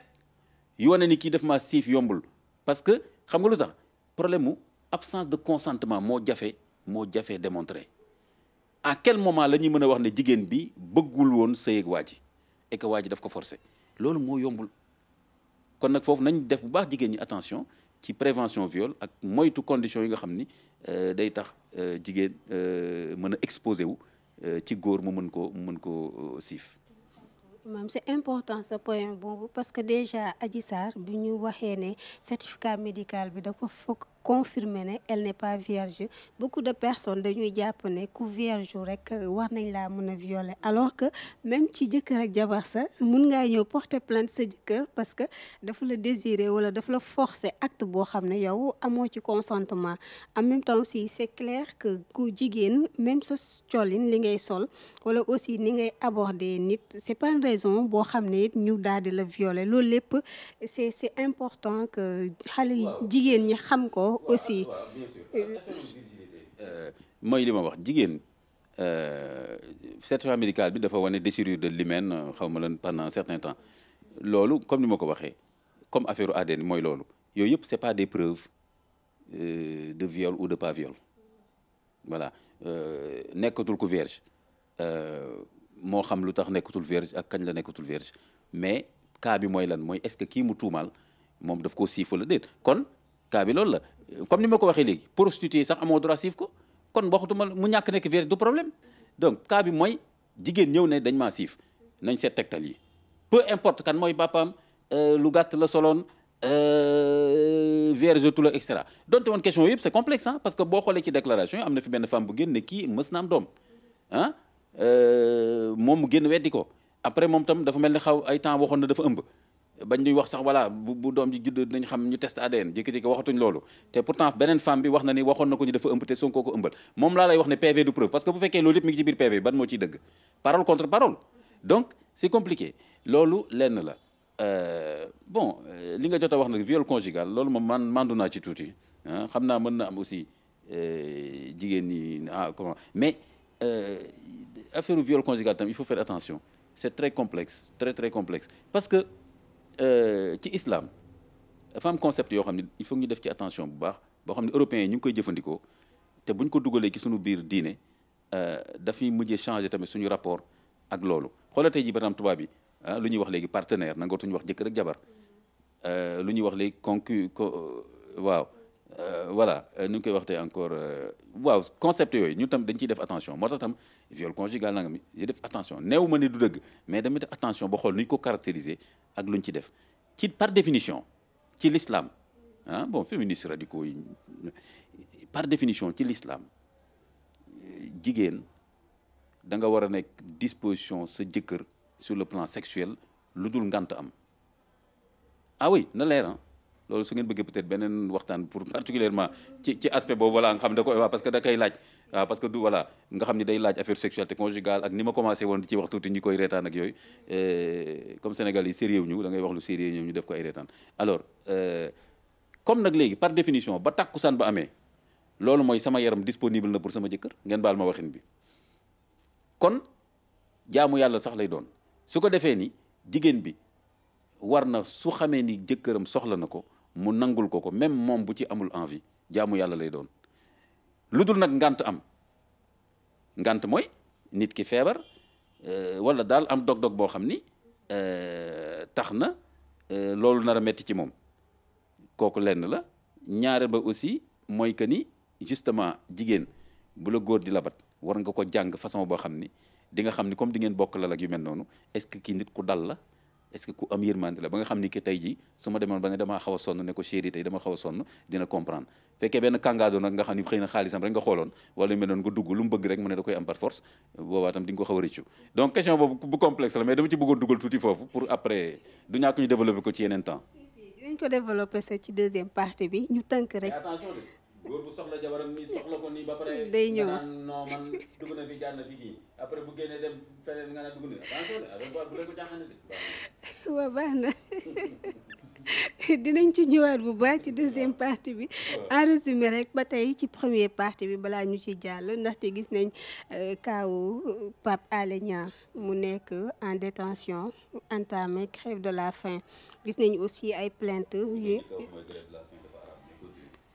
yu wane ni kii def ma siif yombul parce que xam nga lu tax problème mu absence de consentement moo jafe moo jafe démontrer à quel moment la ñuy mën a wax ne jigéen bi bëggul woon sëyeeg waa ji et que waa ji daf ko forcer loolu moo yombul kon nag foofu nañ def bu baax jigéen ñi attention ci prévention viol ak moytu conditions yi nga xam ni euh, day tax euh, jigéen euh, mën a exposé wu ci góor mu mën ko mën ko siif. maam c'est important ce point boobu parce que déjà aji Sarr bi ñu waxee ne certificat médical bi da ko fokk confirmer ne elle n'est pas vierge beaucoup de personnes dañuy jàpp ne ku vierge rek war nañ laa mën a violer alors que même ci jëkkër ak jabar sa mun ngaa ñëw porté plainte sa jëkkër parce que dafa la désirer wala dafa la forcer acte boo xam ne yow amoo ci consentement en même temps aussi c'est clair que ku jigéen même sa colin li ngay sol wala aussi ni ngay aborder nit c'est pas une raison boo xam ne it ñu daal di la violer loolu lépp c'est c'est important que xale jigéen ñi xam ko ko aussi. Euh, euh, mooy li ma wax jigéen euh, certificat médical bi dafa wane déchirure de l'hymen xaw ma lan pendant certain temps loolu comme ni ma ko waxee comme affaire ADN mooy loolu yooyu yëpp c'est pas des preuves de viol ou de pas viol voilà nekkatul ko vierge moo xam lu tax nekkatul vierge ak kañ la nekkatul vierge mais cas bi mooy lan mooy est-ce que kii mu tuumaal moom daf koo siifal déet kon. cas bi loolu la comme ni ma ko waxee léegi prostituée sax amoo droit siif ko kon waxutuma mu ñàkk nekk vierge du problème donc cas bi mooy jigéen ñëw ne dañ maa siif nañ seet tegtal yi peu importe kan mooy bàppaam euh, lu gàtt la soloon euh, vierge tout la et cetera donte woon question yëpp c'est parce que boo xoolee ci déclaration yi am na fi benn femme bu génn ne mës na am doom euh, moom mu génn weddi ko après moom tam dafa mel ni xaw ay temps waxoon na dafa ëmb bañ ñuy wax sax voilà bu bu doom ji judd dinañ xam ñu test ADN jékki-jékki waxatuñ loolu te pourtant beneen femme bi wax na ni waxoon na ko ñu dafa ëmb te Sonko ko ëmbal moom laa lay wax ne PV du preuve parce que bu fekkee loolu yëpp mi ngi ci PV ban moo ciy dëgg parole contre parole donc c'est compliqué loolu lenn la euh, bon euh, li nga jot a wax na viol conjugal loolu moom man mandu naa ci tuuti xam naa mën na am aussi euh, jigéen ñi ah comment mais affaire viol conjugal tami il faut faire attention complexe très très Euh, ci islam dafa concept yoo xam ne il foog ñu def ci attention bu baax boo xam ne européens yi ñu ngi koy jëfandikoo te buñ ko dugalee ci suñu biir diine euh, dafay mujjee changer tamit suñu rapport ak loolu xoolal tey jii ba tubaab bi ah, lu ñuy wax léegi partenaire nangootuñu wax jëkkër ak jabar euh, lu ñuy wax léegi concu waaw Euh, voilà euh, nu ñu koy waxtee encore euh, waaw concept yooyu ñu tam dañ ciy def attention moo tax tam viol conjugal nanga mi def attention new ma ne du dëgg mais dama def attention ba xool nu ñu ko caractériser ak lu ñu ci def ci par définition ci lislaam ah bon féministes radicaux par définition ci l'islam jigéen da nga war a nekk disposition sa jëkkër sur le plan sexuel lu dul ngant am ah oui na leer loolu su ngeen bëggee peut-être beneen waxtaan pour [laughs] particulièrement ci ci aspect boobu voilà nga xam ne da koy que da nga xam ne day laaj affaire sexualité conjugale ak ni ma commencé woon ci wax tuuti ñu koy reetaan ak eh, comme Sénégal yi sérieux ñu da ngay wax lu sérieux ñu def ko ay reetaan alors euh, comme nag léegi par définition ba takkusaan ba amee loolu mooy sama yaram disponible na pour sama jëkkër ngeen baal ma waxin bi kon jaamu yàlla sax lay doon su ko defee ni jigéen bi war na su xamee ni jëkkëram soxla na ko mu nangul ko ko même moom bu ci amul envie jaamu yàlla lay doon lu dul nag ngant am ngant mooy nit ki feebar euh, wala daal am dog-dog boo xam ni euh, tax na euh, loolu nar a metti ci moom kooku lenn la ñaare ba aussi mooy que ni justement jigéen bu la góor di labat war nga ko jàng façon boo xam ni di nga xam ni comme di ngeen bokk lal ak yu mel noonu est-ce que kii nit ku dal la est-ce que ku am yërmande la ba nga xam ni que tey jii su ma demoon ba ne damaa xaw sonn ne ko chéri tey dama xaw sonn dina comprendre fekkee benn kàngaado nag nga xam ni xëy na xaalisam rek nga xooloon wala mel noonu nga dugg lu mu bëgg rek mu ne da koy am par force boobaa tam ko xaw rëccu donc question boobu bu complexe la mais dama ci bëggoon dugal tuuti foofu pour après du ñàkk ñu développer ko ci yeneen temps. dinañ ko développer góor bu soxla jabaram [laughs] day ñëw bu génnee dem feneen nga ne dugg na attention bu [laughs] baax na [laughs] dinañ ci ñëwaat bu baax ci deuxième partie bi en résumé rek ba tey ci premier partie bi balaa ñu ci jàll ndaxte gis nañ euh, kaawu euh, Pape Alé mu nekk en détention entamé grève de la faim gis nañ aussi ay plainte yu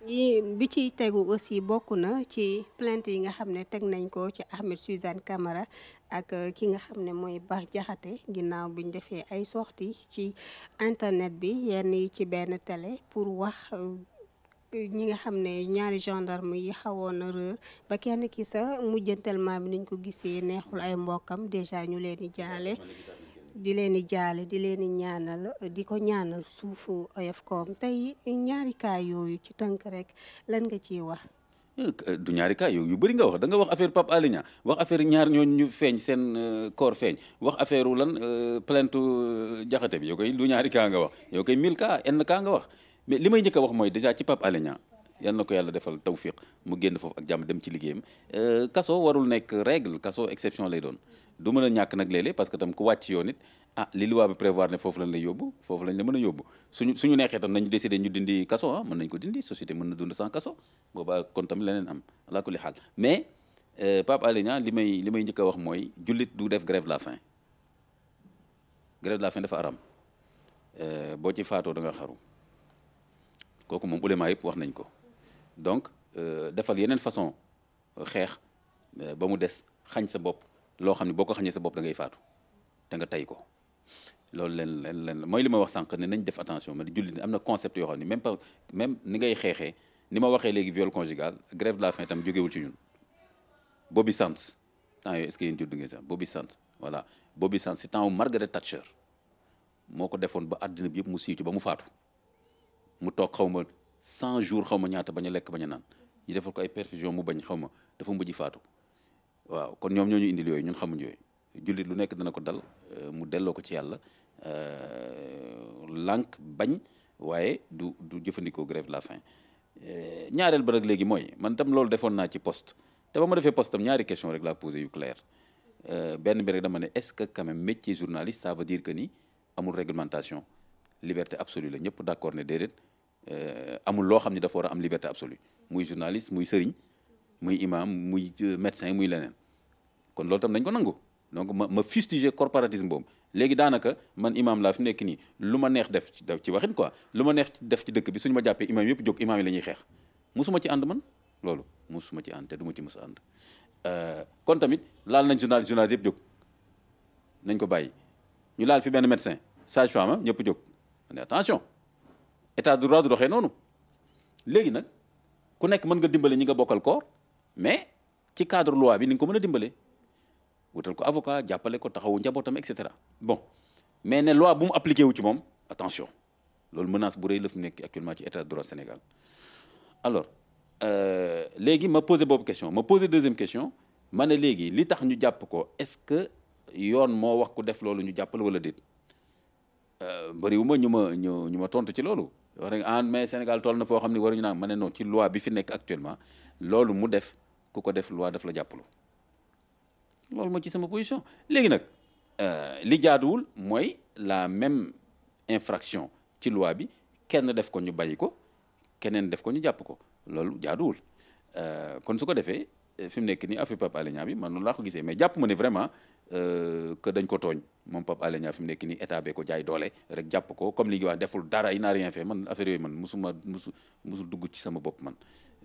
yi bi ci tegu aussi bokk na ci plante yi nga xam ne teg nañ ko ci Ahmed Suzanne Camara ak euh, ki nga xam ne mooy Bah jaxate ginnaaw bi ñu defee ay sortie ci internet bi yenn yi ci benn télé pour wax euh, ñi nga xam ne ñaari gendarme yi xawoon na rër ba kenn ki sa mujjantelment bi niñ ko gisee neexul ay mbokkam déjà ñu leen di jaale di leen di jaale di leen di ñaanal di ko ñaanal suufu Oyaafcom tey ñaari cas yooyu ci tënk rek lan nga ciy wax. Eh, du ñaari cas yooyu yu bëri nga wax da nga wax affaire Pape Alé wax affaire ñaar ñooñu ñu feeñ seen corps eh, feeñ wax affaire lan eh, plainte jaxate bi yow koy du ñaari cas nga wax yow koy mille cas n kaa nga wax mais li may njëkk a wax mooy déjà ci Pape Alé Niang yal na ko yàlla defal tawfiq mu génn foofu ak jàmm dem ci liggéeyam euh, kaso warul nekk règle kaso exception lay doon du mën a ñàkk nag léeg-léeg parce que tam ku wàcc yoon it ah li bi prévoir ne foofu lañ lay yóbbu foofu lañ la mën a yóbbu suñu suñu neexee tam nañu décider ñu dindi kaso ah mën nañ ko dindi société mën na dund sans kaso boobaa kon tam leneen am alaa kulli xaal mais euh, Pape Alé Niang li may li may njëkk a wax mooy jullit du def grève la faim grève la faim dafa aram euh, boo ci faatoo da nga moom ulema yëpp wax nañ ko donc euh, defal yeneen façon xeex euh, ba mu des xañ sa bopp loo xam ne boo ko xañee sa bopp da ngay faatu te nga tey ko loolu len leen leen mooy li ma wax sànq ne nañ def attention mais jullit am na concept yoo xam ne même pas ni ngay xeexee ni ma waxee léegi viol conjugal grève de la faim tam jógewul ci ñun Bobby Sands temps yooyu est-ce que yéen judd ngeen sax Bobby Sands voilà Bobby Sands si temps wu Margaret Thatcher moo ko defoon ba àddina bi yëpp mu siiw ba mu faatu mu toog xaw cent jour xaw ma ñaata bañ a lekk bañ a naan ñu defal ko ay perfusion mu bañ xaw ma dafa mujj faatu waaw kon ñoom ñoo ñu indil yooyu ñun xamuñ yooyu jullit lu nekk dana ko dal euh, mu delloo ko ci yàlla euh, lànk bañ waaye du du jëfandikoo grève de la faim euh, ñaareel ba rek léegi mooy man tam loolu defoon naa ci poste te ba ma defee poste tam ñaari question rek laa posé yu clair benn bi rek dama ne est-ce que quand même métier journaliste ça veut dire que ni amul réglementation liberté absolue la ñëpp d'accord ne déedéet Euh, amul loo xam ni dafa war a am liberté absolue muy journaliste muy sëriñ muy imaam muy euh, médecin muy leneen kon loolu tam dañ ko nangu donc ma ma fustiger corporatisme boobu léegi daanaka man imam laa fi nekk nii lu ma neex def ci waxin quoi lu ma neex def ci dëkk bi suñu ma jàppee imam yëpp jóg imam la ñuy xeex musuma ci ànd man loolu musuma ci ànd te ci mës a ànd euh, kon tamit laal nañ journaliste journaliste yëpp jóg nañ ko bàyyi ñu laal fi benn médecin sage femme ñëpp jóg attention état de droit du doxee noonu léegi nag ku nekk mën nga dimbale ñi nga bokkal koor mais ci cadre loi bi ni nga ko mën a dimbale wutal ko avocat jàppale ko taxawu njabootam et cetera mais ne loi bu mu appliqué wu ci moom attention loolu menace bu rëy la fi nekk actuellement ci état de droit Sénégal alors euh, léegi ma posé boobu question ma posé deuxième question ma ne léegi li tax ñu jàpp ko est-ce que yoon moo wax ku def loolu ñu jàppale wala déet euh, bëriwuma ñu ma ñu ñu ma tontu ci loolu. war en ah, mais Sénégal toll na foo xam ne waruñu naa ma ne non ci loi bi fi nekk actuellement loolu mu def ku ko def loi daf la jàppalu loolu moo ci sama position léegi nag euh, li jaaduwul mooy la même infraction ci loi bi kenn def ko ñu bàyyi ko keneen def ko ñu jàpp ko loolu jaaduwul euh, kon su ko defee fi mu nekk nii affaire Pape Alé Niang bi man noonu laa ko gisee mais jàpp ma ne vraiment euh, que dañ ko tooñ moom Pape Alé Niang fi mu nekk nii état bee ko jaay doole rek jàpp ko comme li ngi wax dara il n'a affaire yooyu man musuma musu musul dugg ci sama bopp man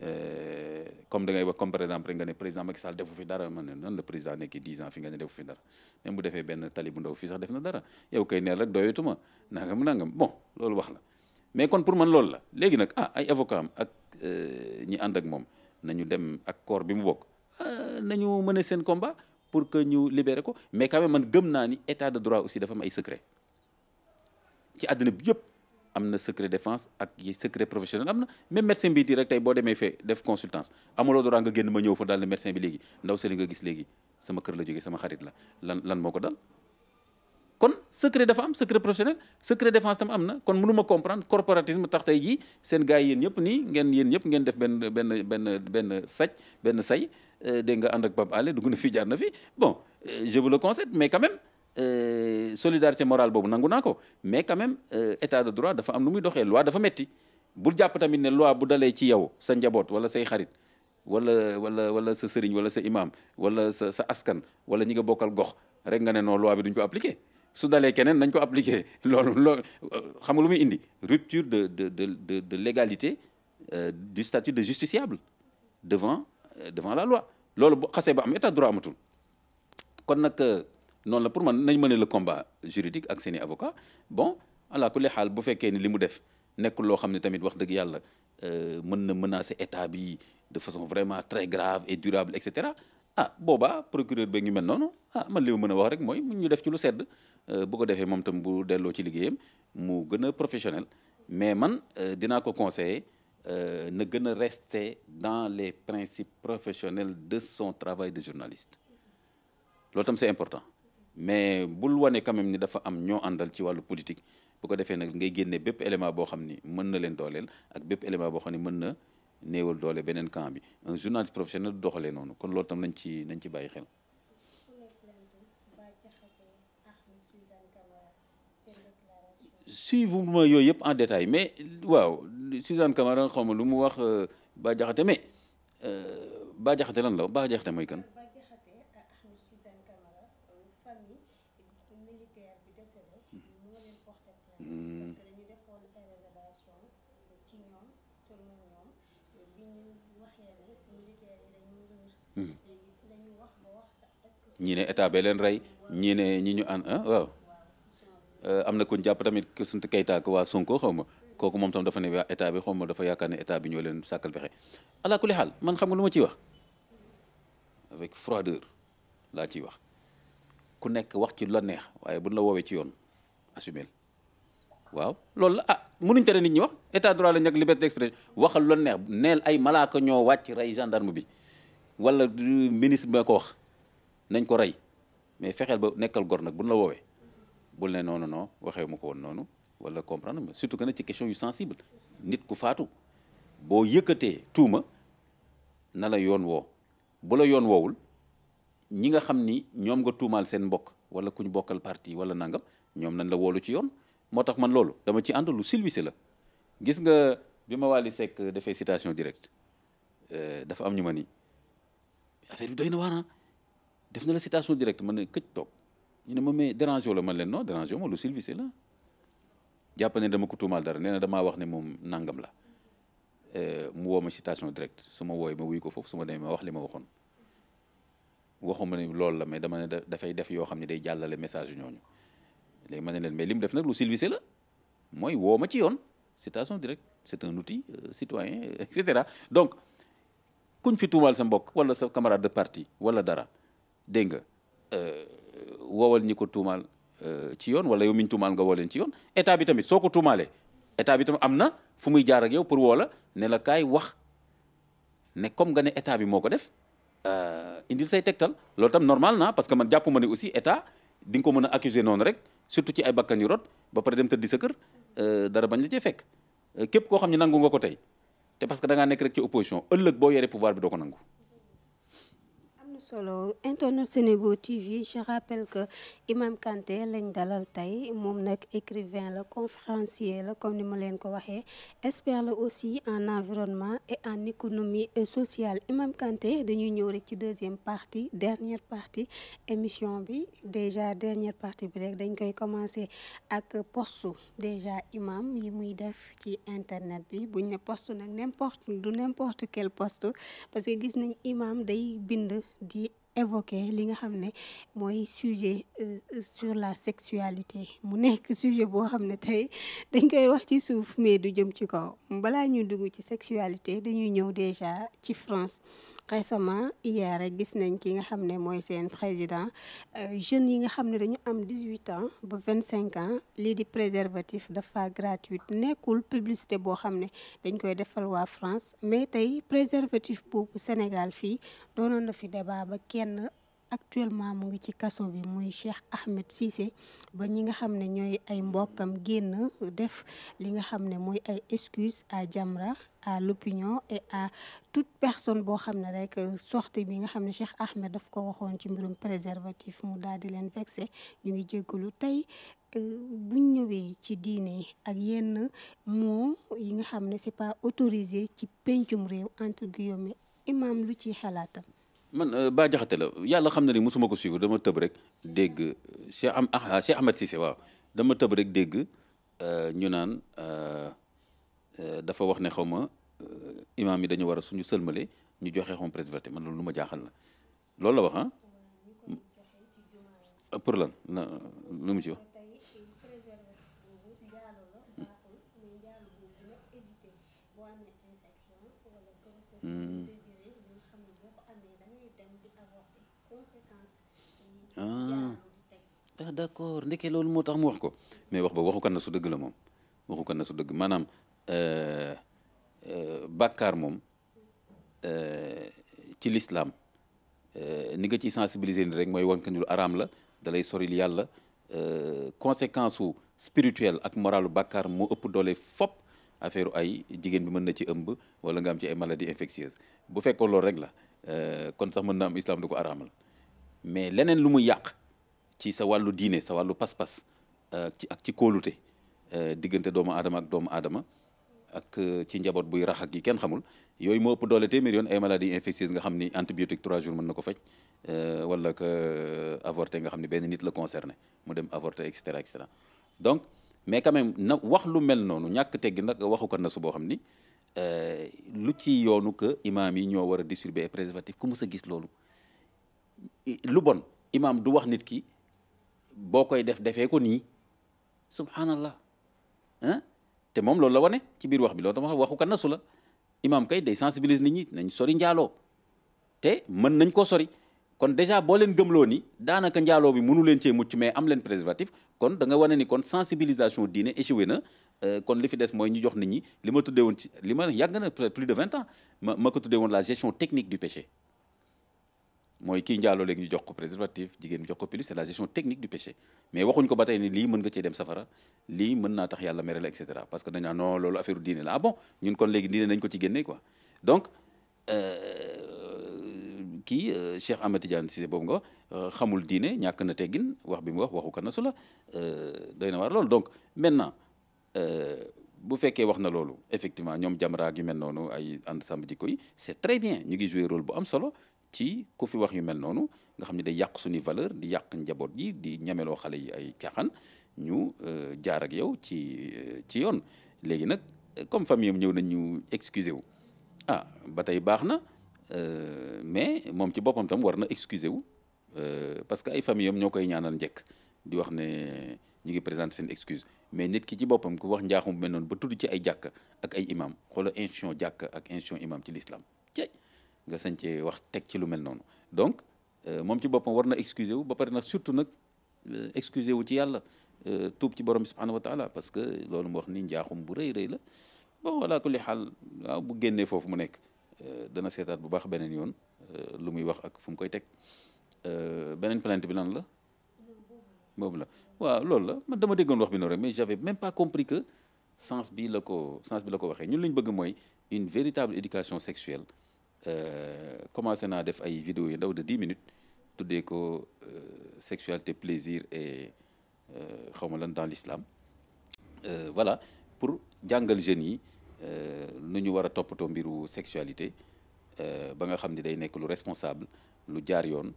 euh, comme da ngay wax comme nga ne président Macky Sall defu fi dara man ne nan la président nekk 10 ans fi nga ne defu fi dara même bu defee benn tali bu ndaw fii sax def na dara yow kay neel rek doyatuma nangam nangam bon loolu wax la mais kon pour man loolu la léegi nag ah ay avocat ak euh, ñi ànd ak moom nañu dem ak corps bi mu bokk ah, nañu mener seen combat pour que ñu libérer ko mais quand man gëm naa ni état de droit aussi dafa am ay secret ci àddina bi yëpp am na secret défense ak yi secret professionnel am na même médecin bi di tey boo demee fee def consultance amuloo droit nga génn ma ñëw fa daal ne médecin bi léegi ndaw seli nga gis léegi sama kër la jógee sama xarit la lan lan moo ko dal kon secret dafa am secret professionnel secret défense tam am na kon mënu ma comprendre corporatisme tax tey jii seen gars yi yéen ñëpp nii ngeen yéen ñëpp ngeen def benn benn benn benn saj benn say euh, dégg nga ànd ak Pape Alé na fii jaar na fi bon euh, je vous le conseille mais quand même euh, solidarité morale boobu nangu naa ko mais quand même état de droit dafa am nu muy doxee loi dafa metti bu jàpp tamit ne loi bu dalee ci yow sa njaboot wala say xarit wala wala wala sa sëriñ wala sa imam wala sa sa askan wala ñi nga bokkal gox rek nga ne non loi bi duñ ko appliquer su dalee keneen nañ ko appliquer [laughs] loolu loolu xam nga lu muy indi rupture de de de de de légalité euh, du statut de justiciable devant euh, devant la loi loolu bu xasee ba am état droit amatul kon nag euh, noonu la pour man nañ mën a le combat juridique ak seeni avocat bon ala kulli xaal bu fekkee ni li mu def nekk loo xam ne tamit wax dëgg yàlla euh, mën na menacer état bi de façon vraiment très grave et durable et cetera ah boobaa procureur ba ngi mel noonu ah man li ma mën a wax rek mooy mu ñu def ci lu sedd euh, bu ko defee moom tam bu delloo ci liggéeyam mu gën a professionnel mais man euh, dinaa ko conseiller euh, na gën a reste dans les principes professionnels de son travail de journaliste loo tam c'est important mais bul wane quand même ni dafa am ñoo àndal ci wàllu politique bu ko defee nag ngay génne bépp élément boo xam ni mën na leen dooleel ak bépp élément boo xam ni mën na néewal doole beneen camp bi un journaliste professionnel du doxalee noonu kon loolu tam nañ ci nañ ci bàyyi xel. suivre ma yooyu yëpp en détail mais waaw Suzanne xaw ma lu mu wax euh, Bah Diakhaté mais euh, Bah Diakhaté lan la Bah Diakhaté mooy kan. ñii ne état bee leen rey ñii ne ñi ñu an ah, waaw euh, am na ku ñu jàpp tamit ku sunt Kayta waa Sonko xaw ma kooku moom tam dafa ne waa état bi xaw ma dafa yaakaar ne état bi ñoo leen sàkkal pexe ala kulli xaal man xam nga lu ma ciy wax avec laa ciy wax ku nekk wax ci la neex waaye buñ la woowee ci yoon assumel waaw loolu la ah mënuñ tere nit ñi wax état droit la ñu ak liberté d'expression waxal lu neex neel ay malaaka ñoo wàcc rey gendarme bi wala ministre bi ko wax. nañ ko rey mais fexeel ba nekkal gor nag bu buñ la woowee bul ne noonu non waxee ma ko woon noonu wala comprendre ma surtout que nag ci question yu sensible nit ku faatu boo yëkkatee tuuma na la yoon woo bu la yoon woowul ñi nga xam ni ñoom nga tuumaal seen mbokk wala kuñ bokkal parti wala nangam ñoom nañ la woolu ci yoon moo tax man loolu dama ci ànd lu silvisé la gis nga bi ma Wally Seck dafay citation directe euh, dafa am ñu ma ni def na la citation directe man ne këj toog ñu ne ma mais dérange la ma leen non dérange ma lu Sylvie c'est là jàpp ne dama ko tuumaal dara nee na damaa wax ne moom nangam la euh, mu woo ma citation directe su ma wooy ma wuy ko foofu su ma demee ma wax li ma waxoon waxuma ne loolu la mais dama ne dafay def yoo xam ne day jàllale message ñooñu léegi ma ne leen mais li mu def nag lu Sylvie la mooy woo ma ci yoon citation directe c'est un outil euh, citoyen et donc kuñ fi sa mbokk wala sa camarade de wala dara dégg nga euh, wowal ñi ko tuumaal euh, ci yoon wala yow mi ñu tuumaal nga woo leen ci yoon état bi tamit soo ko tuumaalee état bi tamit am na fu muy jaarak yow pour woo la ne la kaay wax ne comme nga ne état bi moo ko def euh, indil say tegtal loolu tam normal na parce que man jàpp ma ne aussi état di nga ko mën a accuser noonu rek surtout ci ay bakkan yu ba pare dem tëddi sa kër dara bañ la cee fekk képp koo xam ne nangu nga ko tey te parce que da ngaa nekk rek ci opposition boo yore pouvoir bi doo ko nangu. solo internet Sénégo TV je rappelle que Imam Kanté lañ dalal tey moom nag écrivain la conférencier la comme ni ma leen ko waxee expert la aussi en environnement et en économie et sociale Imam Kanté dañuy ñëw rek ci deuxième partie dernière partie émission bi déjà dernière partie bi rek dañ koy commencer ak postu déjà imam yi muy def ci internet bi buñ ne postu nag n'importe du n'importe quel poste parce que gis nañ imam day bind évoquer li nga xam ne mooy sujet euh, euh, sur la sexualité mu nekk sujet boo xam ne tey dañ koy wax ci suuf mais du jëm ci kaw balaa ñu dugg ci sexualité dañuy ñëw déjà ci France récemment hier rek gis nañ ki nga xam ne mooy seen président euh, jeunes yi nga xam ne dañu am dix-huit ans ba vingt-cinq ans lii di préservatif dafa gratuite nekkul publicité boo xam ne dañ koy defal waa France mais tey préservatif boobu Sénégal fii doonoon na fi débat ba kenn actuellement mu ngi ci kaso bi muy Cheikh Ahmed Cissé ba ñi nga xam ne ñooy ay mbokkam génn def li nga xam ne mooy ay excuse à Jamra à l'opinion et à toute personne boo xam ne rek sortie bi nga xam ne Cheikh Ahmed daf ko waxoon ci mbirum préservatif mu daal di leen vexé ñu ngi jéggalu tey euh, buñ ñëwee ci diine ak yenn mots yi nga xam ne c'est pas autorisé ci pencum réew entre guillemets imam lu ciy xalaatam man euh, Bah Diakhaté la yàlla xam na ni mosuma ko suivre dama tëb rek dégg euh, Cheikh am ah Cheikh Ahmed Cissé waaw dama tëb rek dégg euh, ñu naan dafa wax ne xaw ma imaam yi dañu war a suñu sëlmale ñu joxe xaw ma presse verté man loolu lu ma jaaxal la loolu la wax ah. pour lan na lu mu ci wax. ah ah d'accord ndeke loolu moo tax mu wax ko mais wax ba waxu kan na su dëgg la moom waxu kan na su dëgg maanaam euh, euh, bàkkaar moom euh, ci lislaam ni nga ciy sensibiliser ni rek mooy wanka ni lu araam la da lay soril yàlla conséquence su spirituelle ak moralu bàkkaar moo ëpp doole fop affaire ay jigéen bi mën na ci ëmb wala nga am ci ay maladies infectieuses bu fekkoo loolu rek la Euh, kon sax mën na am islam du ko araamal mais leneen lu muy yàq ci sa wàllu diine sa wàllu pas-pas euh, ci ak ci kóolute euh, diggante doomu aadama ak doomu adama ak ci njaboot buy rax yi kenn xamul yooyu moo ëpp doole téeméer yoon ay maladies infectieuses nga xam ni antibiotique trois jours mën na ko faj wala que avorté nga xam ni benn nit la concerné mu dem avorté et cetera et cetera donc mais quand même na wax lu mel noonu ñàkk teggi nag waxu ko na su boo xam ni Euh, lu ci yoonu que imaam yi ñoo war a distribuer préservatif ku mës a gis loolu lu bon imaam du wax nit ki boo koy def defee ko nii subhanallah ah te moom loolu la wane ci biir wax bi loolu tam waxu kan nasu la imaam kay day sensibiliser nit ñi nañ sori njaaloo te mën nañ koo sori kon déjà boo leen gëmloo nii daanaka njaaloo bi mënu leen cee mucc mais am leen préservatif kon da nga wane ni kon sensibilisation diine échoué na Euh, kon li fi des mooy ñu jox nit ñi li ma tuddee woon ci li ma yàgg na plus de vingt ans ma ma ko tuddee woon la gestion technique du péché mooy kii njaaloo léegi ñu jox ko préservatif jigéen ñu jox ko pilule c'est la gestion technique du péché mais waxuñ ko ba tey ni lii mën nga cee dem safara lii mën naa tax yàlla mere la et parce que dañ naan non loolu affaire diine la ah bon ñun kon léegi diine nañ ko ci génne quoi donc euh, kii euh, Cheikh Ahmed Tidiane Cissé boobu nga xamul diine ñàkk na teggin wax bi mu wax waxu kan na su la doy na waar loolu donc maintenant Euh, bu fekkee wax na loolu effectivement ñoom Jamra ak yu mel noonu ay ànd sàmm jikko yi c'est très bien ñu ngi jouer rôle bu am solo ci ku fi wax yu mel noonu nga xam ne day yàq suñuy valeur di yàq njaboot yi di ñameloo xale yi ay caaxaan ñu euh, jaar ak yow ci euh, ci yoon léegi nag comme famille am ñëw nañ ñu excusé wu ah ba tey baax na mais moom ci boppam tam war na excusé wu parce que ay famille am ñoo koy ñaanal njëkk di wax ne ñu ngi présenter seen excuse mais nit ki ci boppam ku wax njaaxum mel noonu ba tudd ci ay jàkk ak ay imam xoola institution jàkk ak institution imam ci l'islam cey nga sañ cee wax teg ci lu mel noonu donc euh, moom ci boppam war na excuser wu ba pare na surtout nag euh, excuser wu ci yàlla euh, tuub ci borom bi subhanahu wa parce que loolu mu wax ni njaaxum bu rëy rëy la bon voilà kulli xaal waaw bu génnee foofu mu nekk dana seetaat bu baax beneen yoon lu muy wax ak fu mu koy teg beneen plainte bi lan la boobu waaw loolu la man dama déggoon wax bi noonu rek mais j'avais même pas compris que sens bi la ko sens bi la ko waxee ñun li ñu bëgg mooy une véritable éducation sexuelle euh, commencé naa def ay vidéo yu ndaw de dix minutes tuddee ko euh, sexualité plaisir et euh, xaw ma lan dans l'islam voilà pour jàngal jeunes yi nu ñu war a toppatoo mbiru sexualité ba nga xam ni day nekk lu responsable lu jaar yoon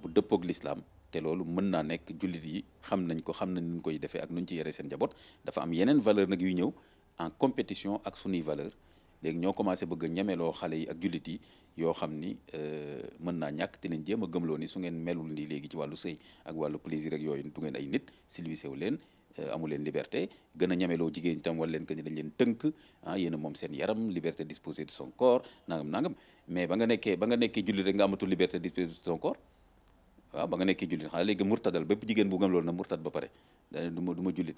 bu dëppoog l'islam te loolu mën naa nekk jullit yi xam nañ ko xam nañ nuñ koy defee ak nuñ ci yore seen njaboot dafa am yeneen valeur nag yu ñëw en compétition ak sunuy valeur léegi ñoo commencé bëgg a xale yi ak jullit yi yoo xam ni euh, mën naa ñàkk te leen jéem a gëm loo ni su ngeen melul ni léegi ci wàllu sëy ak wàllu plaisir ak yooyu du ngeen ay nit civilisé wu leen euh, amu leen liberté gën a ñemeloo jigéen itam wala leen ni dañ leen tënk ah moom seen yaram liberté disposer de son corps nangam ba nga nekkee ba nga nekkee jullit nga amatul liberté disposer de waaw ba nga nekkee jullit xanaa léegi murtadal bépp jigéen bu gëm loolu na murtad ba pare dane du jullit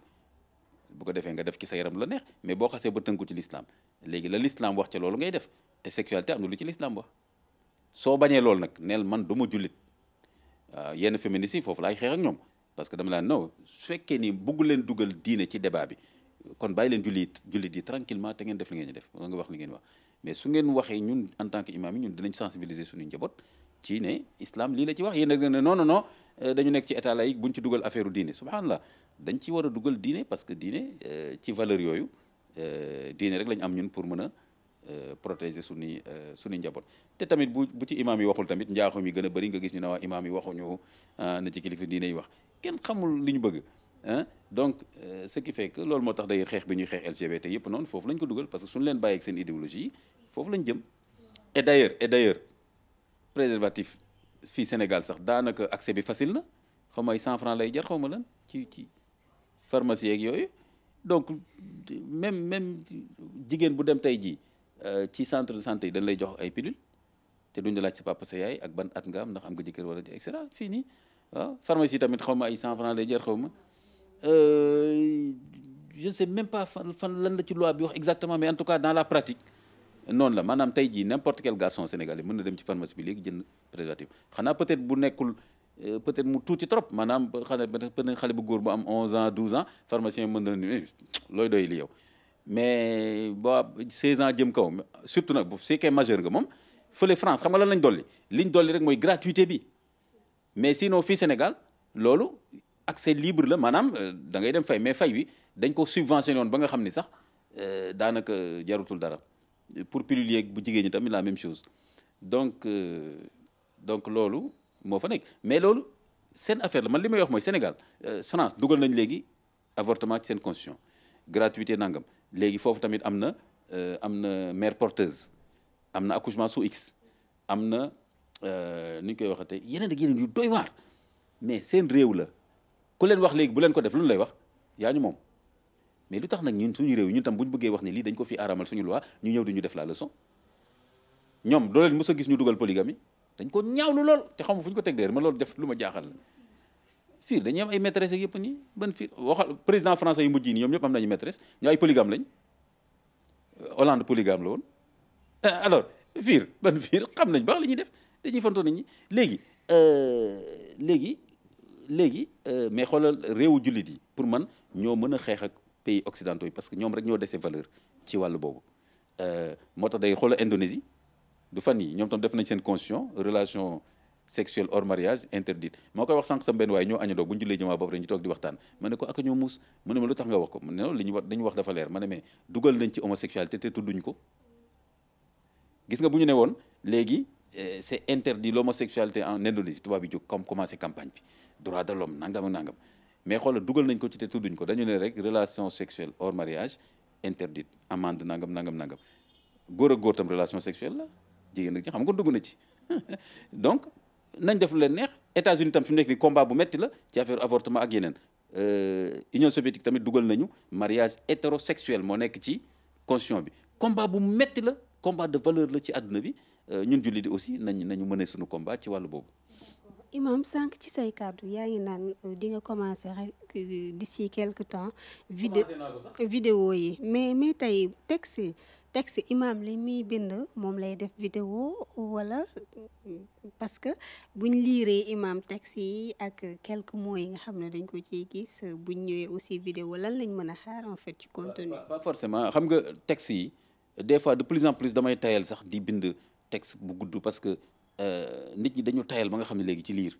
bu ko defee nga def ci sa yaram la neex mais boo xasee ba tënku ci l'islam léegi la l'islam wax ca loolu ngay def te sexualité am na lu ci l'islam wax soo bañee loolu nag neel man du ma jullit waaw yenn féministes yi foofu laay xeex ak ñoom parce que dama laan non su fekkee ni bugg leen dugal diine ci débat bi kon bàyyi leen jullit jullit yi tranquillement wax li ngeen wax mais su ngeen waxee ñun en tant que imam yi ñun dinañ suñu njaboot ci ne islam lii la ci wax yéen nag ne non non non euh, dañu nekk ci état laïque buñ ci dugal affaire diine subhanallah dañ ci war a dugal diine parce que diine euh, ci valeur yooyu euh, diine rek lañ am ñun pour mën a protéger suñuy suñuy njaboot te tamit bu bu ci imaam yi waxul tamit njaaxum yi gën a bëri nga gis ñu ne waa imaam yi waxuñu na ci kilifa diine yi wax kenn xamul li ñu bëgg donc ce qui fait que loolu moo tax day xeex bi ñuy xeex LGBT yëpp noonu foofu lañ ko dugal parce que suñu leen bàyyeeg seen idéologie yi foofu lañ jëm et d'ailleurs préservatif fii Sénégal sax daanaka accès bi facile na xaw ma ay 100 francs lay jar xaw ma lan ci ci pharmacie yeeg yooyu donc même même jigéen bu dem tey jii euh, ci centre de santé yi dañ lay jox ay pilule te duñ la laaj sa papa sa yaay ak ban at nga am ndax am nga jëkkër wala et cetera fii nii waaw pharmacie tamit xaw ma ay 100 francs lay jar xaw ma euh, je ne sais même pas fan lan la ci loi bi wax exactement mais en tout cas dans la pratique. noonu la maanaam tey jii n'importe quel garçon sénégalais mën na dem ci pharmacie bi léegi jënd préservatif xanaa peut-être bu nekkul euh, peut-être mu tuuti trop maanaam xale peut-être xale bu góor bu am 11 ans 12 ans pharmacien mën na eh, looy doy li yow mais ba 16 ans jëm kaw surtout nag bu fekkee majeur moom fële France xam nga lan lañ dolli liñ dolli rek mooy gratuité bi mais sinon fii Sénégal loolu accès libre la maanaam euh, da ngay dem fay mais fay wi dañ ko subventionné woon ba nga xam ni sax euh, daanaka jarutul dara. pour pilule yeeg bu jigéen ñi tamit la même chose donc euh, donc loolu moo fa nekk mais loolu seen affaire la man li may wax mooy Sénégal euh, France dugal nañ léegi avortement ci seen constitution gratuité nangam léegi foofu tamit am na euh, am na mère porteuse am na accouchement sous X am na nu ñu koy waxatee yeneen ak yu doy waar mais seen réew la ku leen wax léegi bu leen ko def lu ñu lay wax yaa ñu moom. mais lu tax nag ñun suñu réew ñu tam bu ñu bëggee wax ni lii dañ ko fi aaramal suñu loi ñu ñëw di ñu def la leçon ñoom doo leen mës a gis ñu dugal polygamie dañ ko ñaawlu lool te xamu fu ñu ko teg déer ma def lu ma jaaxal fii dañuy am ay maîtresse yëpp nii ban fii waxal président français yu mujj yi nii ñoom ñëpp am nañu maîtresse ñu ay polygame lañ Hollande polygame la woon euh, alors fiir ban fiir xam nañ baax li ñuy def dañuy fantoo nit ñi léegi euh, léegi léegi euh, mais xoolal réewu jullit yi pour man ñoo mën a xeex pays occidentaux yi parce que ñoom rek ñoo dese valeur ci wàllu boobu euh, moo tax day xoolal Indonésie du fan yi ñoom tam def nañ seen constitution relation sexuelle hors mariage interdite moo koy wax sànq sa benn waaye ñoo añandoo bu ñu jullee jëmaa boobu rek ñu toog di waxtaan ma ne ko ak ñoo muus mu ne ma lu tax nga wax ko mu ne ñu wax dafa leer ma mais dugal nañ ci homosexualité te tudduñ ko gis nga bu ñu ne woon léegi euh, c'est interdit l'homosexualité en Indonésie tubaab bi jóg comme commencé bi droit de l'homme nangam mais xoolal dugal nañ ko ci te tudduñ ko dañu ne rek relation sexuelle hors mariage interdite amende nangam nangam nangam góor a góor tam relation sexuelle la jigéen ak ji xam nga dugg na ci [laughs] donc nañ def lu neex États-Unis tam fi mu bu metti la ci affaire ak yeneen euh, Union soviétique tamit dugal nañu mariage hétérosexuel moo nekk ci constitution bi combat bu metti la combat de valeur la ci àdduna bi euh, ñun jullit yi aussi nañ nañu mëne suñu combat ci wàllu boobu Imam sànq ci say kàddu yaa ngi naan euh, di nga commencé rek si euh, quelque temps. vidéo yi mais mais tey texte texte imam li muy bind moom lay def vidéo wala parce que buñ liiree imam texte yi ak quelque mots yi nga xam ne dañ ko ciy gis buñ ñëwee aussi vidéo lan lañ mën a xaar en fait ci contenu. pas forcément xam nga texte yi des fois de plus en plus damay tayal sax di bind texte bu gudd parce que. Euh, nit ñi dañu tayal ba nga xam ne léegi ci liir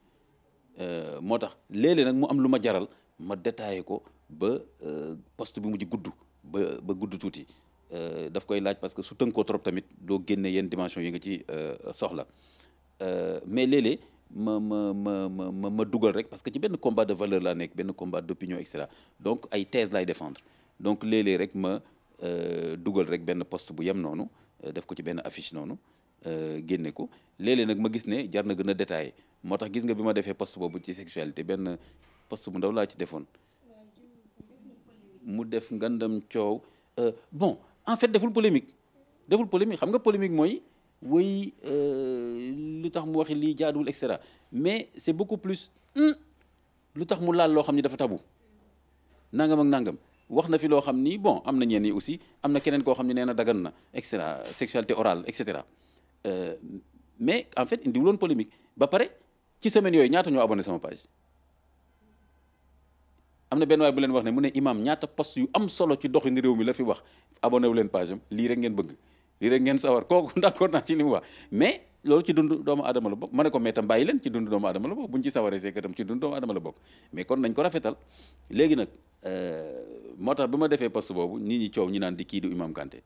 euh, moo tax léeg nag mu am lu ma jaral ma détaillé ko ba euh, poste bi mujj gudd ba ba gudd tuuti daf koy laaj parce que su tënkoo trop tamit doo génne yenn dimension yi nga ci soxla mais léeg-léeg ma ma ma ma ma dugal rek parce que ci benn combat de valeur laa nekk benn combat d'opinion et cetera donc ay thèse lay défendre donc léeg rek ma dugal rek benn poste bu yem noonu def ko ci benn affiche noonu Euh, génne ko léeg nag ma gis ne jar na gën a détaillé moo tax gis nga bi ma defee post boobu ci sexualité benn post bu ndaw laa ci defoon mu def ngandam coow euh, bon en fait deful polémique deful polémique xam nga polémique mooy woy euh, lu tax mu waxi lii jaaduwul extera cetera mais c'est beaucoup plus lu tax mu laal loo xam ni dafa tabu nangam ak nangam wax na fi loo xam nii bon am na ñeen yi aussi am na keneen koo xam ne nee na dagan na et cetera sexualité orale et cetera Euh, mais en fait indiwuloon polémique ba pare ci semaine yooyu ñaata ñoo abonné sama page am na benn waay bu leen wax ne mu ne imam ñaata post yu am solo ci doxin réew mi la fi wax abonné wu leen page am lii rek ngeen bëgg lii rek sawar kooku [laughs] d'accord naa ci li mu wax mais ci dund doomu aadama la bokk ma ne ko mais tam bàyyi leen ci dund doomu aadama la bokk buñ ci sawaree see katam ci dund doomu aadama la bokk mais kon nañ ko rafetal léegi nag euh, moo tax bi ma defee post boobu nit ñi coow ñi naan di kii du imam Kanté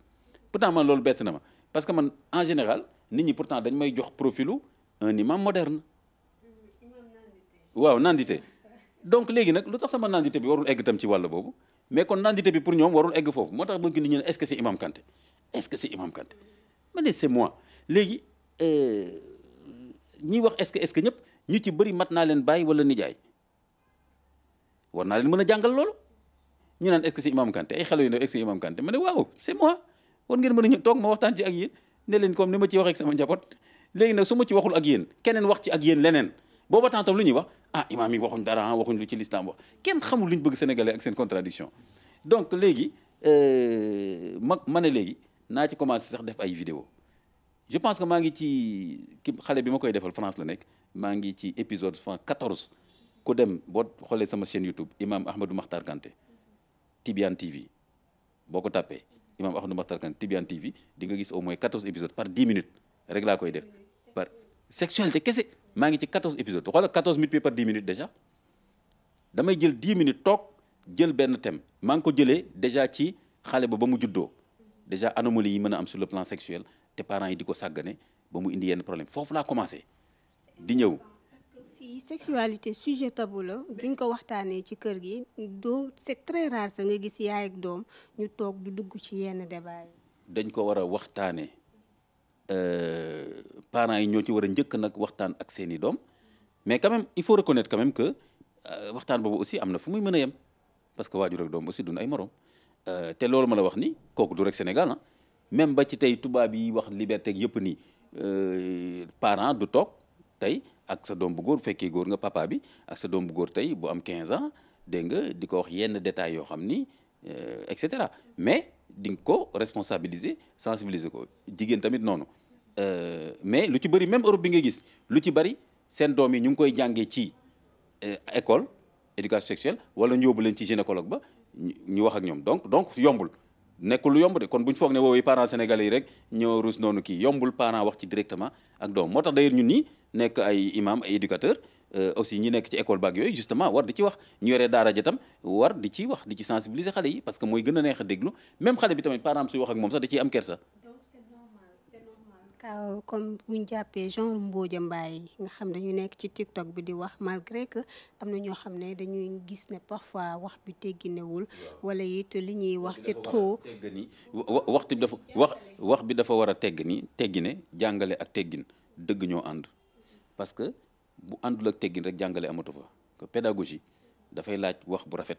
man loolu bett na ma parce que man en général nit ñi pour pourtant dañ may jox profilu un imam moderne waaw nandité donc léegi nag lu tax sama nandité bi warul egg tam ci wàll boobu mais kon nandité bi pour ñoom warul egg foofu moo tax bëgg nit ñi ne est-ce que c'est imam Kanté est-ce que c'est imam Kanté ma ne c'est euh, wax est-ce que est que ñëpp ñu ci bëri mat naa leen bàyyi wala nijaay war naa leen mën a jàngal loolu ñu naan est-ce que c'est imam Kanté ay xale waaw c'est moi war ngeen mën a toog ma waxtaan ci ak yéen ne leen comme ni ma ciy waxee sama njaboot léegi nag su ma ci waxul ak yéen keneen wax ci ak yéen leneen booba temps tam lu ñuy wax ah imaam yi waxuñ dara waxuñ lu ci l'islam wax kenn xamul lu ñu bëgg ak seen contradiction donc léegi euh, ma ma ne léegi naa ci commencé sax def ay vidéo je pense que maa ngi ci ki xale bi ma koy defal France la nekk maa ngi ci épisode cent quatorze ku dem boo xoolee sama chaîne YouTube imam Ahmadou Makhtar Kanté Tibian TV boo ko tàppee imam Ahmadou Makhtar Kane Tidiane TV di nga gis au moins 14 épisodes par 10 minutes rek laa koy def par sexualité kese maa ngi ci 14 épisodes xoola 14 minutes par 10 minutes déjà damay jël dix minutes toog jël benn thème maa ngi ko jëlee déjà ci xale ba ba mu juddoo déjà anomalie yi mën a am sur le plan sexuel te parents yi di ko sàggane ba mu indi yenn problème foofu laa commencé di ñëw fii sexualité sujet tabou la duñ ko waxtaanee ci kër gi doo c'est très rare sa nga gis yaay ak doom ñu toog du dugg ci yenn débat yi. dañ ko war a waxtaanee euh, parents yi ñoo ci war a njëkk nag waxtaan ak seeni doom mais quand il faut reconnaître quand même que euh, waxtaan boobu aussi am na fu muy mën a yem parce que waajur ak doom aussi dun ay morom euh, te loolu ma la wax ni kooku du rek Sénégal ah même ba ci tey tubaab yi wax liberté ak yëpp nii parents du toog. tey ak sa doom bu góor fekkee góor nga papa bi ak sa doom bu góor tey bu am 15 ans dégg nga di ko wax yenn détails yoo xam ni euh, et cetera mais di nga ko responsabiliser sensibiliser ko jigéen tamit noonu euh, mais lu ci bëri même Europe bi ngay gis lu ci bëri seen doom yi ñu ngi koy jàngee ci euh, école éducation sexuelle wala ñu leen ci gynécologue ba ñu wax ak ñoom donc donc yombul. nekkul lu yomb de kon bu ñu foog ne woowee parents sénégalais yi rek ñoo ruus noonu kii yombul parent wax ci directement ak doom moo tax d'ailleurs ñun ñi nekk ay imam ay éducateur euh, aussi ñi nekk ci école bac yooyu justement war di ci wax ñu yore daara ja tam war di ci wax di ci sensibiliser xale yi parce que mooy gën a neex a déglu même xale bi tamit parent suy wax moom sax da ciy am kersa waaw comme buñ jàppee genre mbooja mbaay yi nga xam dañu nekk ci TikTok bi di wax malgré que am na ñoo xam ne dañuy gis ne parfois wax bi tegginewul wala it li ñuy wax c'est trop teggini waxtu bi dafa wax wax bi dafa war a tegg ni teggine jàngale ak teggin dëgg ñoo ànd parce que bu àndul ak teggin rek jàngale amatu fa que pédagogie dafay laaj wax bu rafet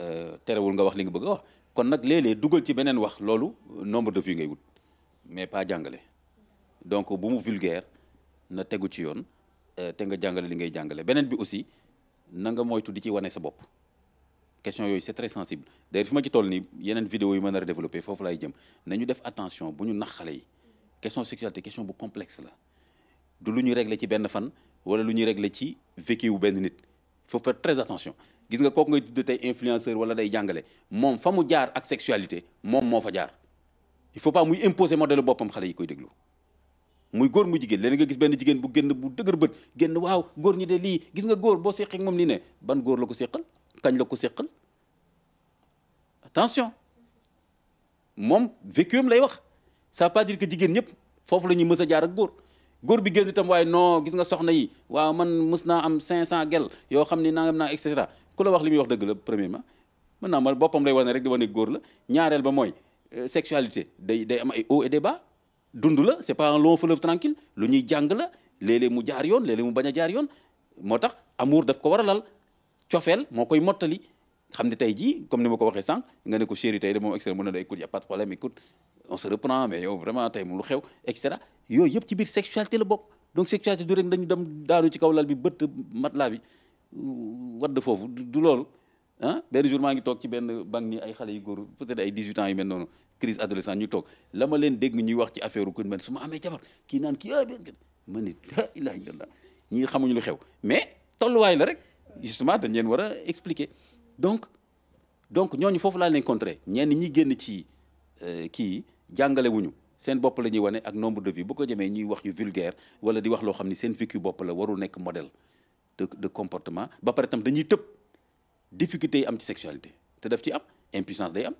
euh, terewul nga wax li nga bëgg a wax kon nag léeg-léeg dugal ci beneen wax loolu nombre de vues ngay wut mais pas jàngale donc bu mu vulgaire na tegu ci yoon euh, te nga jàngale li ngay jàngale beneen bi aussi na nga moytu di ci wane sa bopp question yooyu c'est très sensible d'ailleurs fi ma ci toll nii yeneen vidéo yu mën a développer foofu laay jëm nañu def attention bu ñu nax xale yi question sexualité question bu complexe la du lu ñuy régler ci benn fan wala lu ñuy régler ci vécu wu benn nit foofu faire très attention gis nga kooku ngay tudd tey influenceur wala day jàngale moom fa mu jaar ak sexualité moom moo fa jaar il faut pas muy imposer modèle boppam xale yi koy déglu muy góor muy jigéen leen nga gis benn jigéen bu génn bu dëgër bët génn waaw góor ñi de lii gis nga góor boo séqee moom nii ne ban góor la ko séqal kañ la ko séqal attention moom vécu am lay wax ça veut pas dire que jigéen ñëpp foofu la ñuy mës a jaar ak góor góor bi génn itam waaye noo gis nga soxna yi waaw man mës naa am cent gel yoo xam ni nangam naa et cetera ku la wax li muy wax dëgg la premièrement mën naa ma boppam lay ne rek di wane góor la ñaareel ba mooy euh, sexualité day day am ay hauts et dund la c'est pas un long fleuve tranquille lu ñuy jàng la léeg mu jaar yoon léeg mu bañ a jaar yoon moo tax amour daf ko war a lal cofeel moo koy mottali xam ne tey jii comme ni ma ko waxee sànq nga ne ko chéri tey de moom et cetera mën na la a pas de problème écoute on se reprend mais yow vraiment tey mu lu xew et cetera yooyu yëpp ci biir sexualité la bokk donc sexualité du rek dem daanu ci kaw lal bi bëtt matelas bi wadd foofu du loolu ah benn jour maa ngi toog ci benn banque ni ay xale yu góor peut-être ay 18 ans yu mel noonu crise adolescent ñu toog la ma leen dégg ñuy wax ci affaire kon man su ma amee jabar kii naan kii ah ma ne la ilaha illallah ñii xamuñu lu xew mais tolluwaay la rek justement dañ leen war a expliquer donc donc ñooñu foofu laa leen contrer ñenn ñi génn ci euh, kii jàngale wuñu seen bopp la ñuy wane ak nombre de vie bu ko jëmee ñuy wax yu vulgaire wala di wax loo xam ni seen vécu bopp la warul nekk modèle de de comportement ba pare tam dañuy tëb. difficulté yi am ci sexualité te def ci am impuissance day am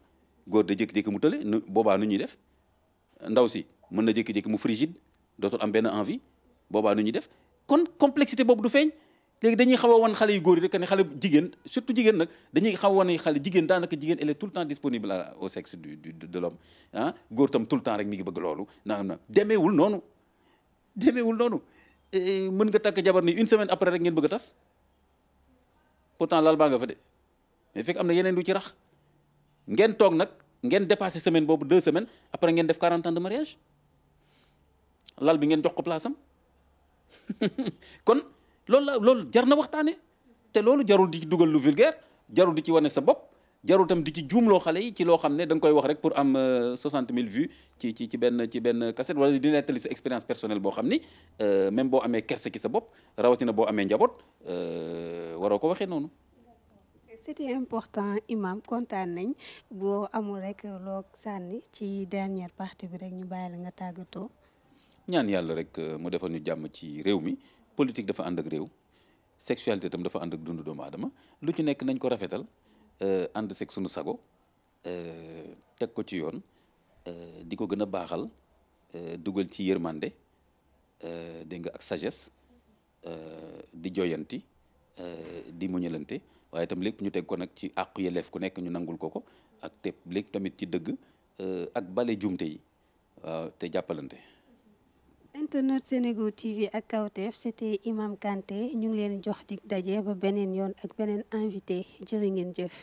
góor da jékki-jékki mu tële nu boobaa nu ñuy def ndaw si mën na jékki-jékki mu frigide dootul am benn envie boobaa nu ñuy def kon complexité boobu du feeñ léegi dañuy xaw a wan xale yu góor yi rek ne xale jigéen surtout jigéen nag dañuy xaw a wan xale jigéen daanaka jigéen elle est tout le temps disponible au sexe de l'homme ah, góor tam tout le temps rek mi ngi bëgg loolu naan na demeewul noonu demeewul noonu mën nga takk jabar ni une semaine après rek ngeen bëgg a pourtant lal baa nga fa de mais fekk am na yeneen du ci rax ngeen toog nag ngeen dépassé semaine boobu deux semaines après ngeen def 40 ans de mariage lal bi ngeen jox ko place am [laughs] kon loolu la loolu jar na waxtaane te loolu jarul di ci dugal lu vulgaire jarul di ci wane sa bopp jarul tam di ci juumloo xale yi ci loo xam ne da nga koy wax rek pour am 60 euh, mille vues ci ci ci benn ci benn cassette wala di nettali sa expérience personnelle boo xam ni euh, même boo amee kerse ki sa bopp rawatina boo amee njaboot euh, waroo ko waxee noonu. c'était important imam kontaan nañ boo amul rek loo sànni ci dernière partie bi rek ñu bàyyi la nga tàggatoo. ñaan yàlla rek mu defal ñu jàmm ci réew mi politique dafa ànd ak réew sexualité tam dafa ànd ak dundu doomu aadama lu ci nekk nañ ko rafetal. Euh, ànd seeg sunu sago euh, teg ko ci yoon euh, di ko gën a baaxal dugal ci yërmande dégg nga ak sagesse di joyanti di muñalante waaye tam lépp ñu teg ko nag ci àqu yelleef ku nekk ñu nangul ko ko ak te lépp tamit ci dëgg ak bale jumte yi waaw te jàppalante internet Sénégo TV ak Kawtef c'était Imam Kanté ñu ngi leen jox dig daje ba beneen yoon ak beneen invité jërë ngeen jëf